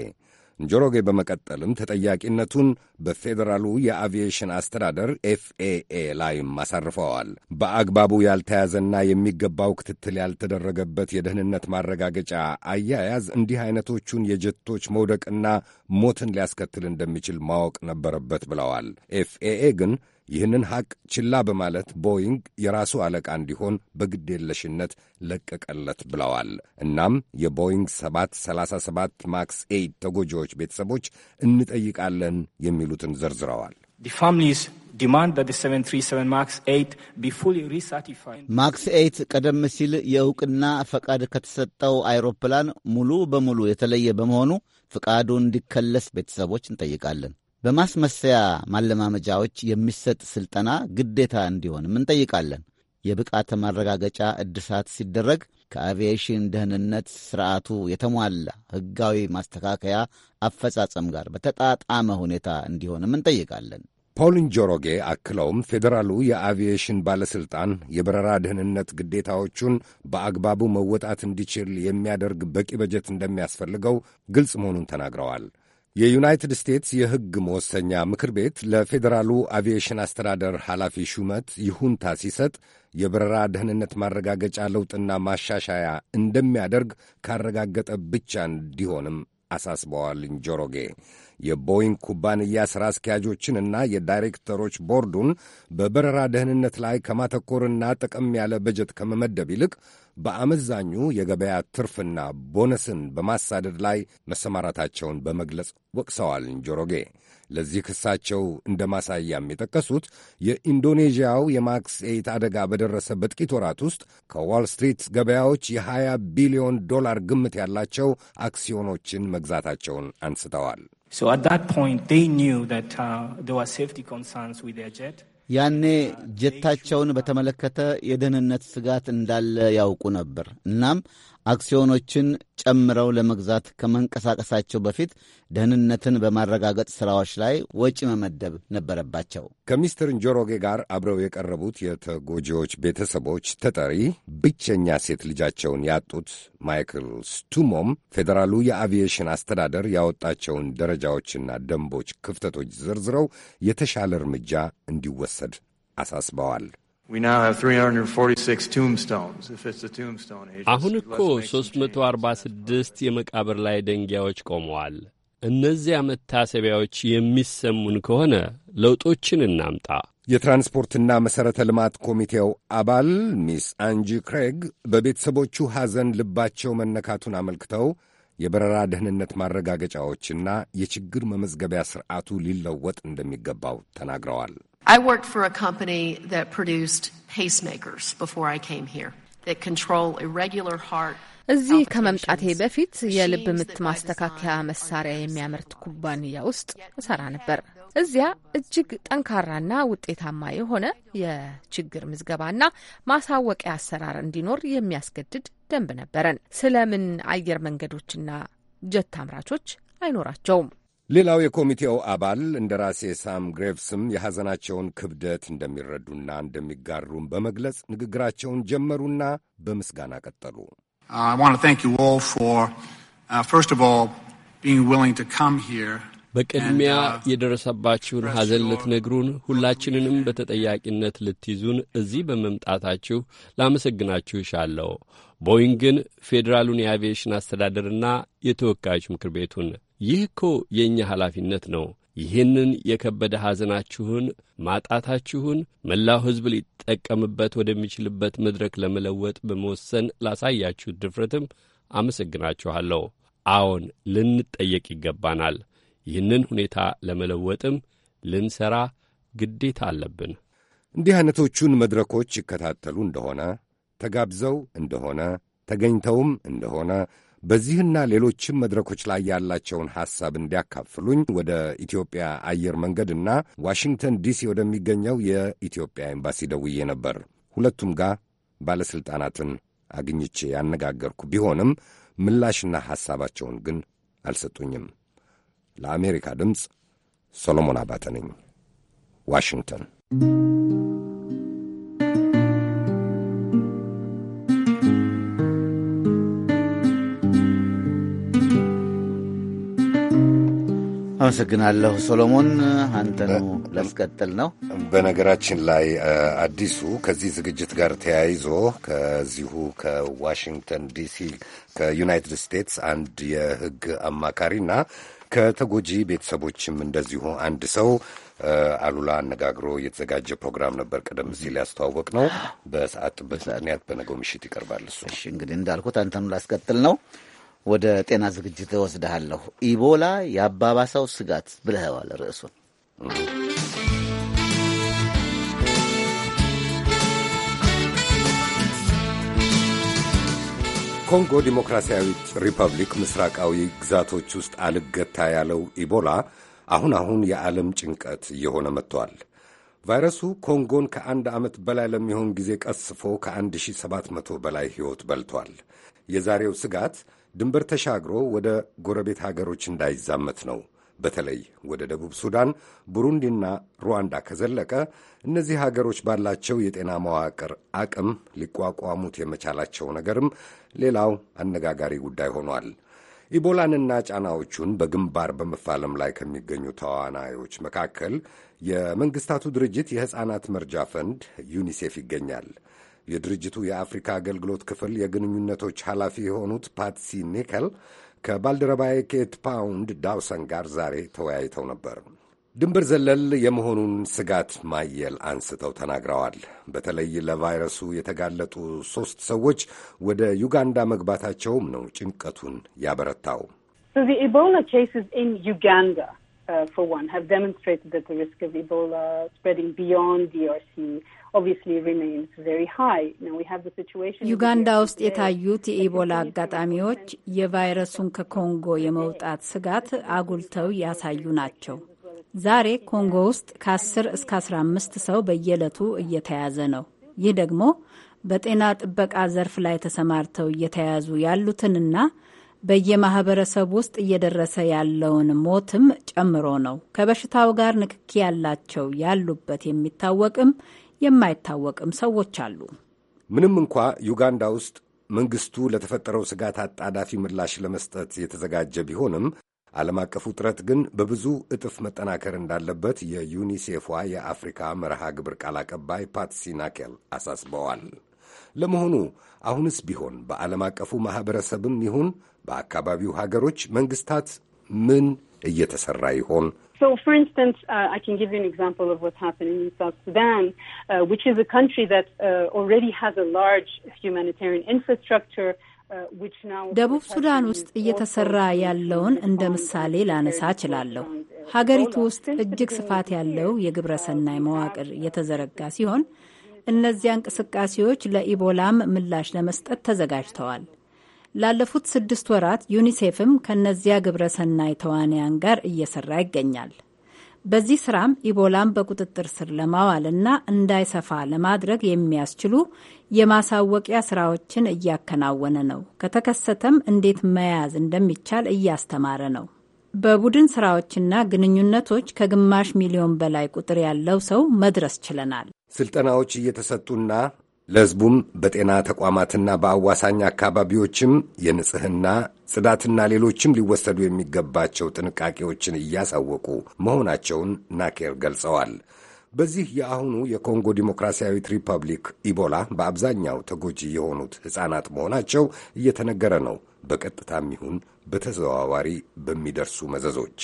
Speaker 2: እንጆሮጌ በመቀጠልም ተጠያቂነቱን በፌዴራሉ የአቪዬሽን አስተዳደር ኤፍኤኤ ላይም አሳርፈዋል። በአግባቡ ያልተያዘና የሚገባው ክትትል ያልተደረገበት የደህንነት ማረጋገጫ አያያዝ እንዲህ አይነቶቹን የጀቶች መውደቅና ሞትን ሊያስከትል እንደሚችል ማወቅ ነበረበት ብለዋል። ኤፍኤኤ ግን ይህንን ሐቅ ችላ በማለት ቦይንግ የራሱ አለቃ እንዲሆን በግዴለሽነት ለቀቀለት ብለዋል። እናም የቦይንግ 737 ማክስ ኤይት ተጎጂዎች ቤተሰቦች እንጠይቃለን የሚሉትን ዘርዝረዋል። ማክስ ኤይት ቀደም ሲል
Speaker 1: የእውቅና ፈቃድ ከተሰጠው አይሮፕላን ሙሉ በሙሉ የተለየ በመሆኑ ፍቃዱ እንዲከለስ ቤተሰቦች እንጠይቃለን። በማስመሰያ ማለማመጃዎች የሚሰጥ ሥልጠና ግዴታ እንዲሆንም እንጠይቃለን። የብቃት ማረጋገጫ እድሳት ሲደረግ ከአቪዬሽን ደህንነት ስርዓቱ የተሟላ ሕጋዊ ማስተካከያ
Speaker 2: አፈጻጸም ጋር በተጣጣመ ሁኔታ እንዲሆንም እንጠይቃለን። ፓውሊን ጆሮጌ አክለውም ፌዴራሉ የአቪዬሽን ባለሥልጣን የበረራ ደህንነት ግዴታዎቹን በአግባቡ መወጣት እንዲችል የሚያደርግ በቂ በጀት እንደሚያስፈልገው ግልጽ መሆኑን ተናግረዋል። የዩናይትድ ስቴትስ የሕግ መወሰኛ ምክር ቤት ለፌዴራሉ አቪዬሽን አስተዳደር ኃላፊ ሹመት ይሁንታ ሲሰጥ የበረራ ደህንነት ማረጋገጫ ለውጥና ማሻሻያ እንደሚያደርግ ካረጋገጠ ብቻ እንዲሆንም አሳስበዋል። እንጆሮጌ የቦይንግ ኩባንያ ሥራ አስኪያጆችንና የዳይሬክተሮች ቦርዱን በበረራ ደህንነት ላይ ከማተኮርና ጠቀም ያለ በጀት ከመመደብ ይልቅ በአመዛኙ የገበያ ትርፍና ቦነስን በማሳደድ ላይ መሰማራታቸውን በመግለጽ ወቅሰዋል። እንጆሮጌ ለዚህ ክሳቸው እንደ ማሳያም የጠቀሱት የኢንዶኔዥያው የማክስ ኤት አደጋ በደረሰ በጥቂት ወራት ውስጥ ከዋል ስትሪት ገበያዎች የ20 ቢሊዮን ዶላር ግምት ያላቸው አክሲዮኖችን መግዛታቸውን አንስተዋል።
Speaker 1: ያኔ ጀታቸውን በተመለከተ የደህንነት ስጋት እንዳለ ያውቁ ነበር። እናም አክሲዮኖችን ጨምረው ለመግዛት ከመንቀሳቀሳቸው በፊት ደህንነትን በማረጋገጥ ሥራዎች ላይ ወጪ መመደብ ነበረባቸው።
Speaker 2: ከሚስትር ጆሮጌ ጋር አብረው የቀረቡት የተጎጂዎች ቤተሰቦች ተጠሪ ብቸኛ ሴት ልጃቸውን ያጡት ማይክል ስቱሞም ፌዴራሉ የአቪዬሽን አስተዳደር ያወጣቸውን ደረጃዎችና ደንቦች ክፍተቶች ዘርዝረው የተሻለ እርምጃ እንዲወሰድ አሳስበዋል። አሁን
Speaker 7: እኮ 346 የመቃብር ላይ ደንጊያዎች ቆመዋል። እነዚያ መታሰቢያዎች የሚሰሙን ከሆነ ለውጦችን እናምጣ።
Speaker 2: የትራንስፖርትና መሠረተ ልማት ኮሚቴው አባል ሚስ አንጂ ክሬግ በቤተሰቦቹ ሐዘን ልባቸው መነካቱን አመልክተው የበረራ ደህንነት ማረጋገጫዎችና የችግር መመዝገቢያ ሥርዓቱ ሊለወጥ እንደሚገባው ተናግረዋል።
Speaker 5: I worked for a company that produced pacemakers before I came here that control irregular heart
Speaker 14: እዚህ ከመምጣቴ በፊት የልብ ምት ማስተካከያ መሳሪያ የሚያመርት ኩባንያ ውስጥ እሰራ ነበር። እዚያ እጅግ ጠንካራና ውጤታማ የሆነ የችግር ምዝገባና ማሳወቂያ አሰራር እንዲኖር የሚያስገድድ ደንብ ነበረን። ስለምን አየር መንገዶችና ጀት አምራቾች አይኖራቸውም?
Speaker 2: ሌላው የኮሚቴው አባል እንደራሴ ሳም ግሬቭስም የሐዘናቸውን ክብደት እንደሚረዱና እንደሚጋሩም በመግለጽ ንግግራቸውን ጀመሩና በምስጋና ቀጠሉ።
Speaker 8: uh,
Speaker 7: በቅድሚያ uh, የደረሰባችሁን ሐዘን ልትነግሩን፣ ሁላችንንም በተጠያቂነት ልትይዙን እዚህ በመምጣታችሁ ላመሰግናችሁ እሻለሁ። ቦይንግን፣ ፌዴራሉን የአቪዬሽን አስተዳደርና የተወካዮች ምክር ቤቱን ይህ እኮ የእኛ ኃላፊነት ነው። ይህንን የከበደ ሐዘናችሁን፣ ማጣታችሁን መላው ሕዝብ ሊጠቀምበት ወደሚችልበት መድረክ ለመለወጥ በመወሰን ላሳያችሁት ድፍረትም አመሰግናችኋለሁ። አዎን ልንጠየቅ ይገባናል። ይህንን ሁኔታ ለመለወጥም ልንሠራ ግዴታ አለብን።
Speaker 2: እንዲህ ዐይነቶቹን መድረኮች ይከታተሉ እንደሆነ ተጋብዘው እንደሆነ ተገኝተውም እንደሆነ በዚህና ሌሎችም መድረኮች ላይ ያላቸውን ሐሳብ እንዲያካፍሉኝ ወደ ኢትዮጵያ አየር መንገድና ዋሽንግተን ዲሲ ወደሚገኘው የኢትዮጵያ ኤምባሲ ደውዬ ነበር። ሁለቱም ጋር ባለሥልጣናትን አግኝቼ ያነጋገርኩ ቢሆንም ምላሽና ሐሳባቸውን ግን አልሰጡኝም። ለአሜሪካ ድምፅ ሰሎሞን አባተ ነኝ ዋሽንግተን አመሰግናለሁ ሶሎሞን፣ ነው ላስቀጥል ነው። በነገራችን ላይ አዲሱ ከዚህ ዝግጅት ጋር ተያይዞ ከዚሁ ከዋሽንግተን ዲሲ ከዩናይትድ ስቴትስ አንድ የሕግ አማካሪና ከተጎጂ ቤተሰቦችም እንደዚሁ አንድ ሰው አሉላ አነጋግሮ የተዘጋጀ ፕሮግራም ነበር። ቀደም ሲል ያስተዋወቅ ነው። በሰዓት ጥበት ምክንያት በነገው ምሽት ይቀርባል። እሱ እንግዲህ
Speaker 1: እንዳልኩት አንተኑ ላስቀጥል ነው። ወደ ጤና ዝግጅት እወስድሃለሁ። ኢቦላ የአባባሳው ስጋት ብለኸዋል ርዕሱን።
Speaker 2: ኮንጎ ዲሞክራሲያዊት ሪፐብሊክ ምስራቃዊ ግዛቶች ውስጥ አልገታ ያለው ኢቦላ አሁን አሁን የዓለም ጭንቀት እየሆነ መጥቷል። ቫይረሱ ኮንጎን ከአንድ ዓመት በላይ ለሚሆን ጊዜ ቀስፎ ከ1700 በላይ ሕይወት በልቷል። የዛሬው ስጋት ድንበር ተሻግሮ ወደ ጎረቤት ሀገሮች እንዳይዛመት ነው። በተለይ ወደ ደቡብ ሱዳን፣ ቡሩንዲና ሩዋንዳ ከዘለቀ እነዚህ ሀገሮች ባላቸው የጤና መዋቅር አቅም ሊቋቋሙት የመቻላቸው ነገርም ሌላው አነጋጋሪ ጉዳይ ሆኗል። ኢቦላንና ጫናዎቹን በግንባር በመፋለም ላይ ከሚገኙ ተዋናዮች መካከል የመንግስታቱ ድርጅት የሕፃናት መርጃ ፈንድ ዩኒሴፍ ይገኛል። የድርጅቱ የአፍሪካ አገልግሎት ክፍል የግንኙነቶች ኃላፊ የሆኑት ፓትሲ ኒከል ከባልደረባዬ ኬት ፓውንድ ዳውሰን ጋር ዛሬ ተወያይተው ነበር። ድንበር ዘለል የመሆኑን ስጋት ማየል አንስተው ተናግረዋል። በተለይ ለቫይረሱ የተጋለጡ ሦስት ሰዎች ወደ ዩጋንዳ መግባታቸውም ነው ጭንቀቱን ያበረታው።
Speaker 14: ኢቦላ ኢን ዩጋንዳ uh, for one, have demonstrated that the risk of Ebola spreading beyond DRC e obviously remains very high. Now we have the situation ዩጋንዳ ውስጥ የታዩት የኢቦላ አጋጣሚዎች የቫይረሱን ከኮንጎ የመውጣት ስጋት አጉልተው ያሳዩ ናቸው። ዛሬ ኮንጎ ውስጥ ከ10 እስከ 15 ሰው በየዕለቱ እየተያዘ ነው። ይህ ደግሞ በጤና ጥበቃ ዘርፍ ላይ ተሰማርተው እየተያዙ ያሉትንና በየማህበረሰብ ውስጥ እየደረሰ ያለውን ሞትም ጨምሮ ነው። ከበሽታው ጋር ንክኪ ያላቸው ያሉበት የሚታወቅም የማይታወቅም ሰዎች አሉ።
Speaker 2: ምንም እንኳ ዩጋንዳ ውስጥ መንግስቱ ለተፈጠረው ስጋት አጣዳፊ ምላሽ ለመስጠት የተዘጋጀ ቢሆንም ዓለም አቀፉ ጥረት ግን በብዙ እጥፍ መጠናከር እንዳለበት የዩኒሴፏ የአፍሪካ መርሃ ግብር ቃል አቀባይ ፓትሲ ናኬል አሳስበዋል። ለመሆኑ አሁንስ ቢሆን በዓለም አቀፉ ማኅበረሰብም ይሁን በአካባቢው ሀገሮች መንግስታት ምን እየተሰራ ይሆን?
Speaker 14: Uh, uh, uh, ደቡብ ሱዳን ውስጥ እየተሰራ ያለውን እንደ ምሳሌ ላነሳ እችላለሁ። ሀገሪቱ ውስጥ እጅግ ስፋት ያለው የግብረ ሰናይ መዋቅር የተዘረጋ ሲሆን እነዚያ እንቅስቃሴዎች ለኢቦላም ምላሽ ለመስጠት ተዘጋጅተዋል። ላለፉት ስድስት ወራት ዩኒሴፍም ግብረ ሰናይ ተዋንያን ጋር እየሰራ ይገኛል። በዚህ ስራም ኢቦላን በቁጥጥር ስር ለማዋልና እንዳይሰፋ ለማድረግ የሚያስችሉ የማሳወቂያ ስራዎችን እያከናወነ ነው። ከተከሰተም እንዴት መያዝ እንደሚቻል እያስተማረ ነው። በቡድን ስራዎችና ግንኙነቶች ከግማሽ ሚሊዮን በላይ ቁጥር ያለው ሰው መድረስ ችለናል።
Speaker 2: ስልጠናዎች እየተሰጡና ለሕዝቡም በጤና ተቋማትና በአዋሳኝ አካባቢዎችም የንጽህና ጽዳትና ሌሎችም ሊወሰዱ የሚገባቸው ጥንቃቄዎችን እያሳወቁ መሆናቸውን ናኬር ገልጸዋል። በዚህ የአሁኑ የኮንጎ ዲሞክራሲያዊት ሪፐብሊክ ኢቦላ በአብዛኛው ተጎጂ የሆኑት ሕፃናት መሆናቸው እየተነገረ ነው። በቀጥታም ይሁን በተዘዋዋሪ በሚደርሱ መዘዞች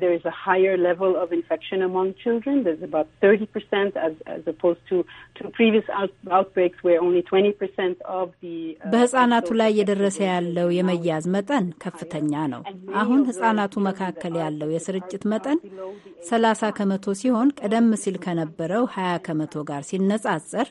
Speaker 14: there is a higher level of infection among children. There's about 30% as, as opposed to, to previous out, outbreaks where only 20% of the በህፃናቱ ላይ እየደረሰ ያለው የመያዝ መጠን ከፍተኛ ነው። አሁን ህፃናቱ መካከል ያለው የስርጭት መጠን 30 ከመቶ ሲሆን ቀደም ሲል ከነበረው 20 ከመቶ ጋር ሲነጻጸር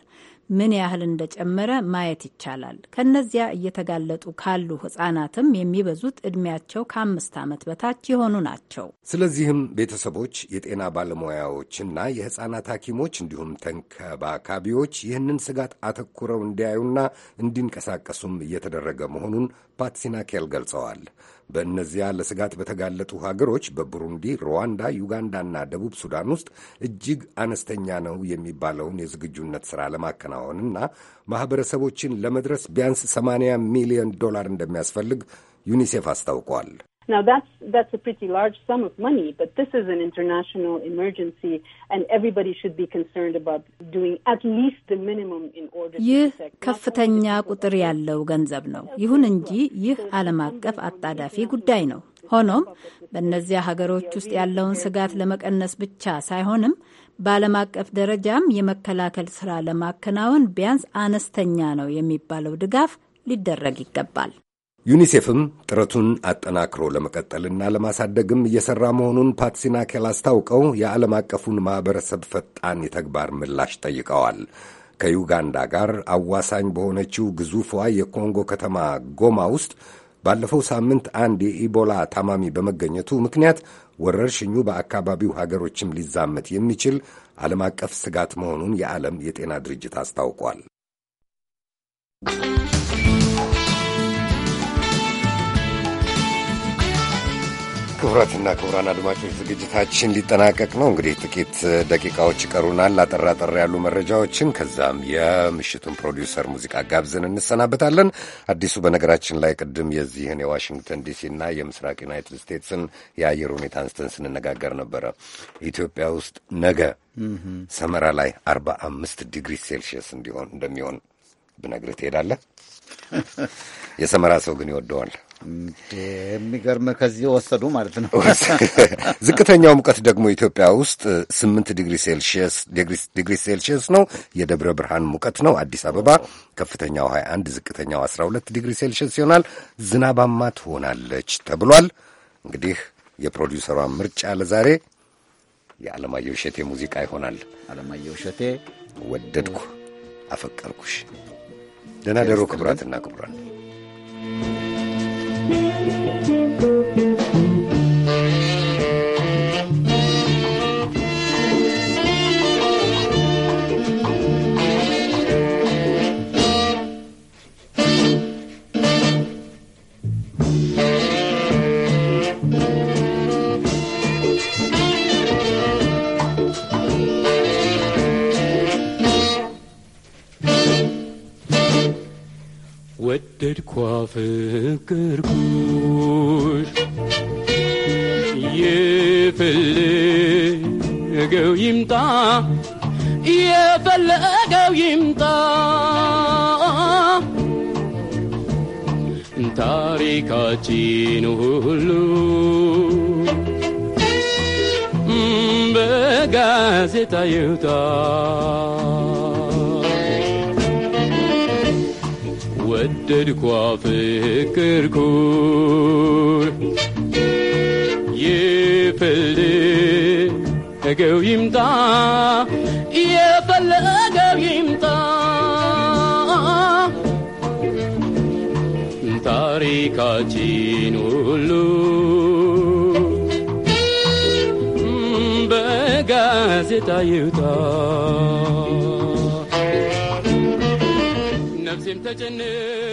Speaker 14: ምን ያህል እንደጨመረ ማየት ይቻላል። ከነዚያ እየተጋለጡ ካሉ ህጻናትም የሚበዙት ዕድሜያቸው ከአምስት ዓመት በታች የሆኑ ናቸው።
Speaker 2: ስለዚህም ቤተሰቦች፣ የጤና ባለሙያዎችና የህጻናት ሐኪሞች እንዲሁም ተንከባካቢዎች ይህንን ስጋት አተኩረው እንዲያዩና እንዲንቀሳቀሱም እየተደረገ መሆኑን ፓትሲናኬል ገልጸዋል። በእነዚያ ለስጋት በተጋለጡ ሀገሮች በቡሩንዲ፣ ሩዋንዳ፣ ዩጋንዳና ደቡብ ሱዳን ውስጥ እጅግ አነስተኛ ነው የሚባለውን የዝግጁነት ሥራ ለማከናወንና ማኅበረሰቦችን ለመድረስ ቢያንስ 80 ሚሊዮን ዶላር እንደሚያስፈልግ ዩኒሴፍ አስታውቋል።
Speaker 14: Now that's that's a pretty large sum of money, but this is an international emergency, and everybody should be concerned about doing at least the minimum in order. to ይህ ከፍተኛ ቁጥር ያለው ገንዘብ ነው። ይሁን እንጂ ይህ ዓለም አቀፍ አጣዳፊ ጉዳይ ነው። ሆኖም በእነዚያ ሀገሮች ውስጥ ያለውን ስጋት ለመቀነስ ብቻ ሳይሆንም በዓለም አቀፍ ደረጃም የመከላከል ስራ ለማከናወን ቢያንስ አነስተኛ ነው የሚባለው ድጋፍ ሊደረግ ይገባል።
Speaker 2: ዩኒሴፍም ጥረቱን አጠናክሮ ለመቀጠልና ለማሳደግም እየሰራ መሆኑን ፓትሲናኬል አስታውቀው የዓለም አቀፉን ማኅበረሰብ ፈጣን የተግባር ምላሽ ጠይቀዋል። ከዩጋንዳ ጋር አዋሳኝ በሆነችው ግዙፏ የኮንጎ ከተማ ጎማ ውስጥ ባለፈው ሳምንት አንድ የኢቦላ ታማሚ በመገኘቱ ምክንያት ወረርሽኙ በአካባቢው ሀገሮችም ሊዛመት የሚችል ዓለም አቀፍ ስጋት መሆኑን የዓለም የጤና ድርጅት አስታውቋል። ክቡራትና ክቡራን አድማጮች ዝግጅታችን ሊጠናቀቅ ነው። እንግዲህ ጥቂት ደቂቃዎች ይቀሩናል። ላጠራጠር ያሉ መረጃዎችን ከዛም የምሽቱን ፕሮዲውሰር ሙዚቃ ጋብዘን እንሰናበታለን። አዲሱ በነገራችን ላይ ቅድም የዚህን የዋሽንግተን ዲሲና የምስራቅ ዩናይትድ ስቴትስን የአየር ሁኔታ አንስተን ስንነጋገር ነበረ። ኢትዮጵያ ውስጥ ነገ ሰመራ ላይ አርባ አምስት ዲግሪ ሴልሺየስ እንዲሆን እንደሚሆን ብነግርህ ትሄዳለህ። የሰመራ ሰው ግን ይወደዋል።
Speaker 1: የሚገርም ከዚህ ወሰዱ ማለት
Speaker 2: ነው። <laughs> ዝቅተኛው ሙቀት ደግሞ ኢትዮጵያ ውስጥ ስምንት ዲግሪ ሴልሺየስ ዲግሪ ሴልሺየስ ነው። የደብረ ብርሃን ሙቀት ነው። አዲስ አበባ ከፍተኛው 21፣ ዝቅተኛው 12 ዲግሪ ሴልሺየስ ይሆናል። ዝናባማ ትሆናለች ተብሏል። እንግዲህ የፕሮዲውሰሯ ምርጫ ለዛሬ የዓለማየሁ እሸቴ ሙዚቃ ይሆናል። ዓለማየሁ እሸቴ ወደድኩ አፈቀርኩሽ። ደህና ደሩ ክቡራትና ክቡራን Thank you.
Speaker 7: ወደድኳ ፍቅርኩሽ የፈለገው ይምጣ የፈለገው ይምጣ ታሪካችን ሁሉ በጋዜጣ ይውጣ ወደድኳ ፍቅርኩ የፈለገው ይምጣ
Speaker 9: የፈለገው ይምጣ
Speaker 7: ታሪካችን ሁሉ በጋዜጣ ይውጣ ተጨንቅ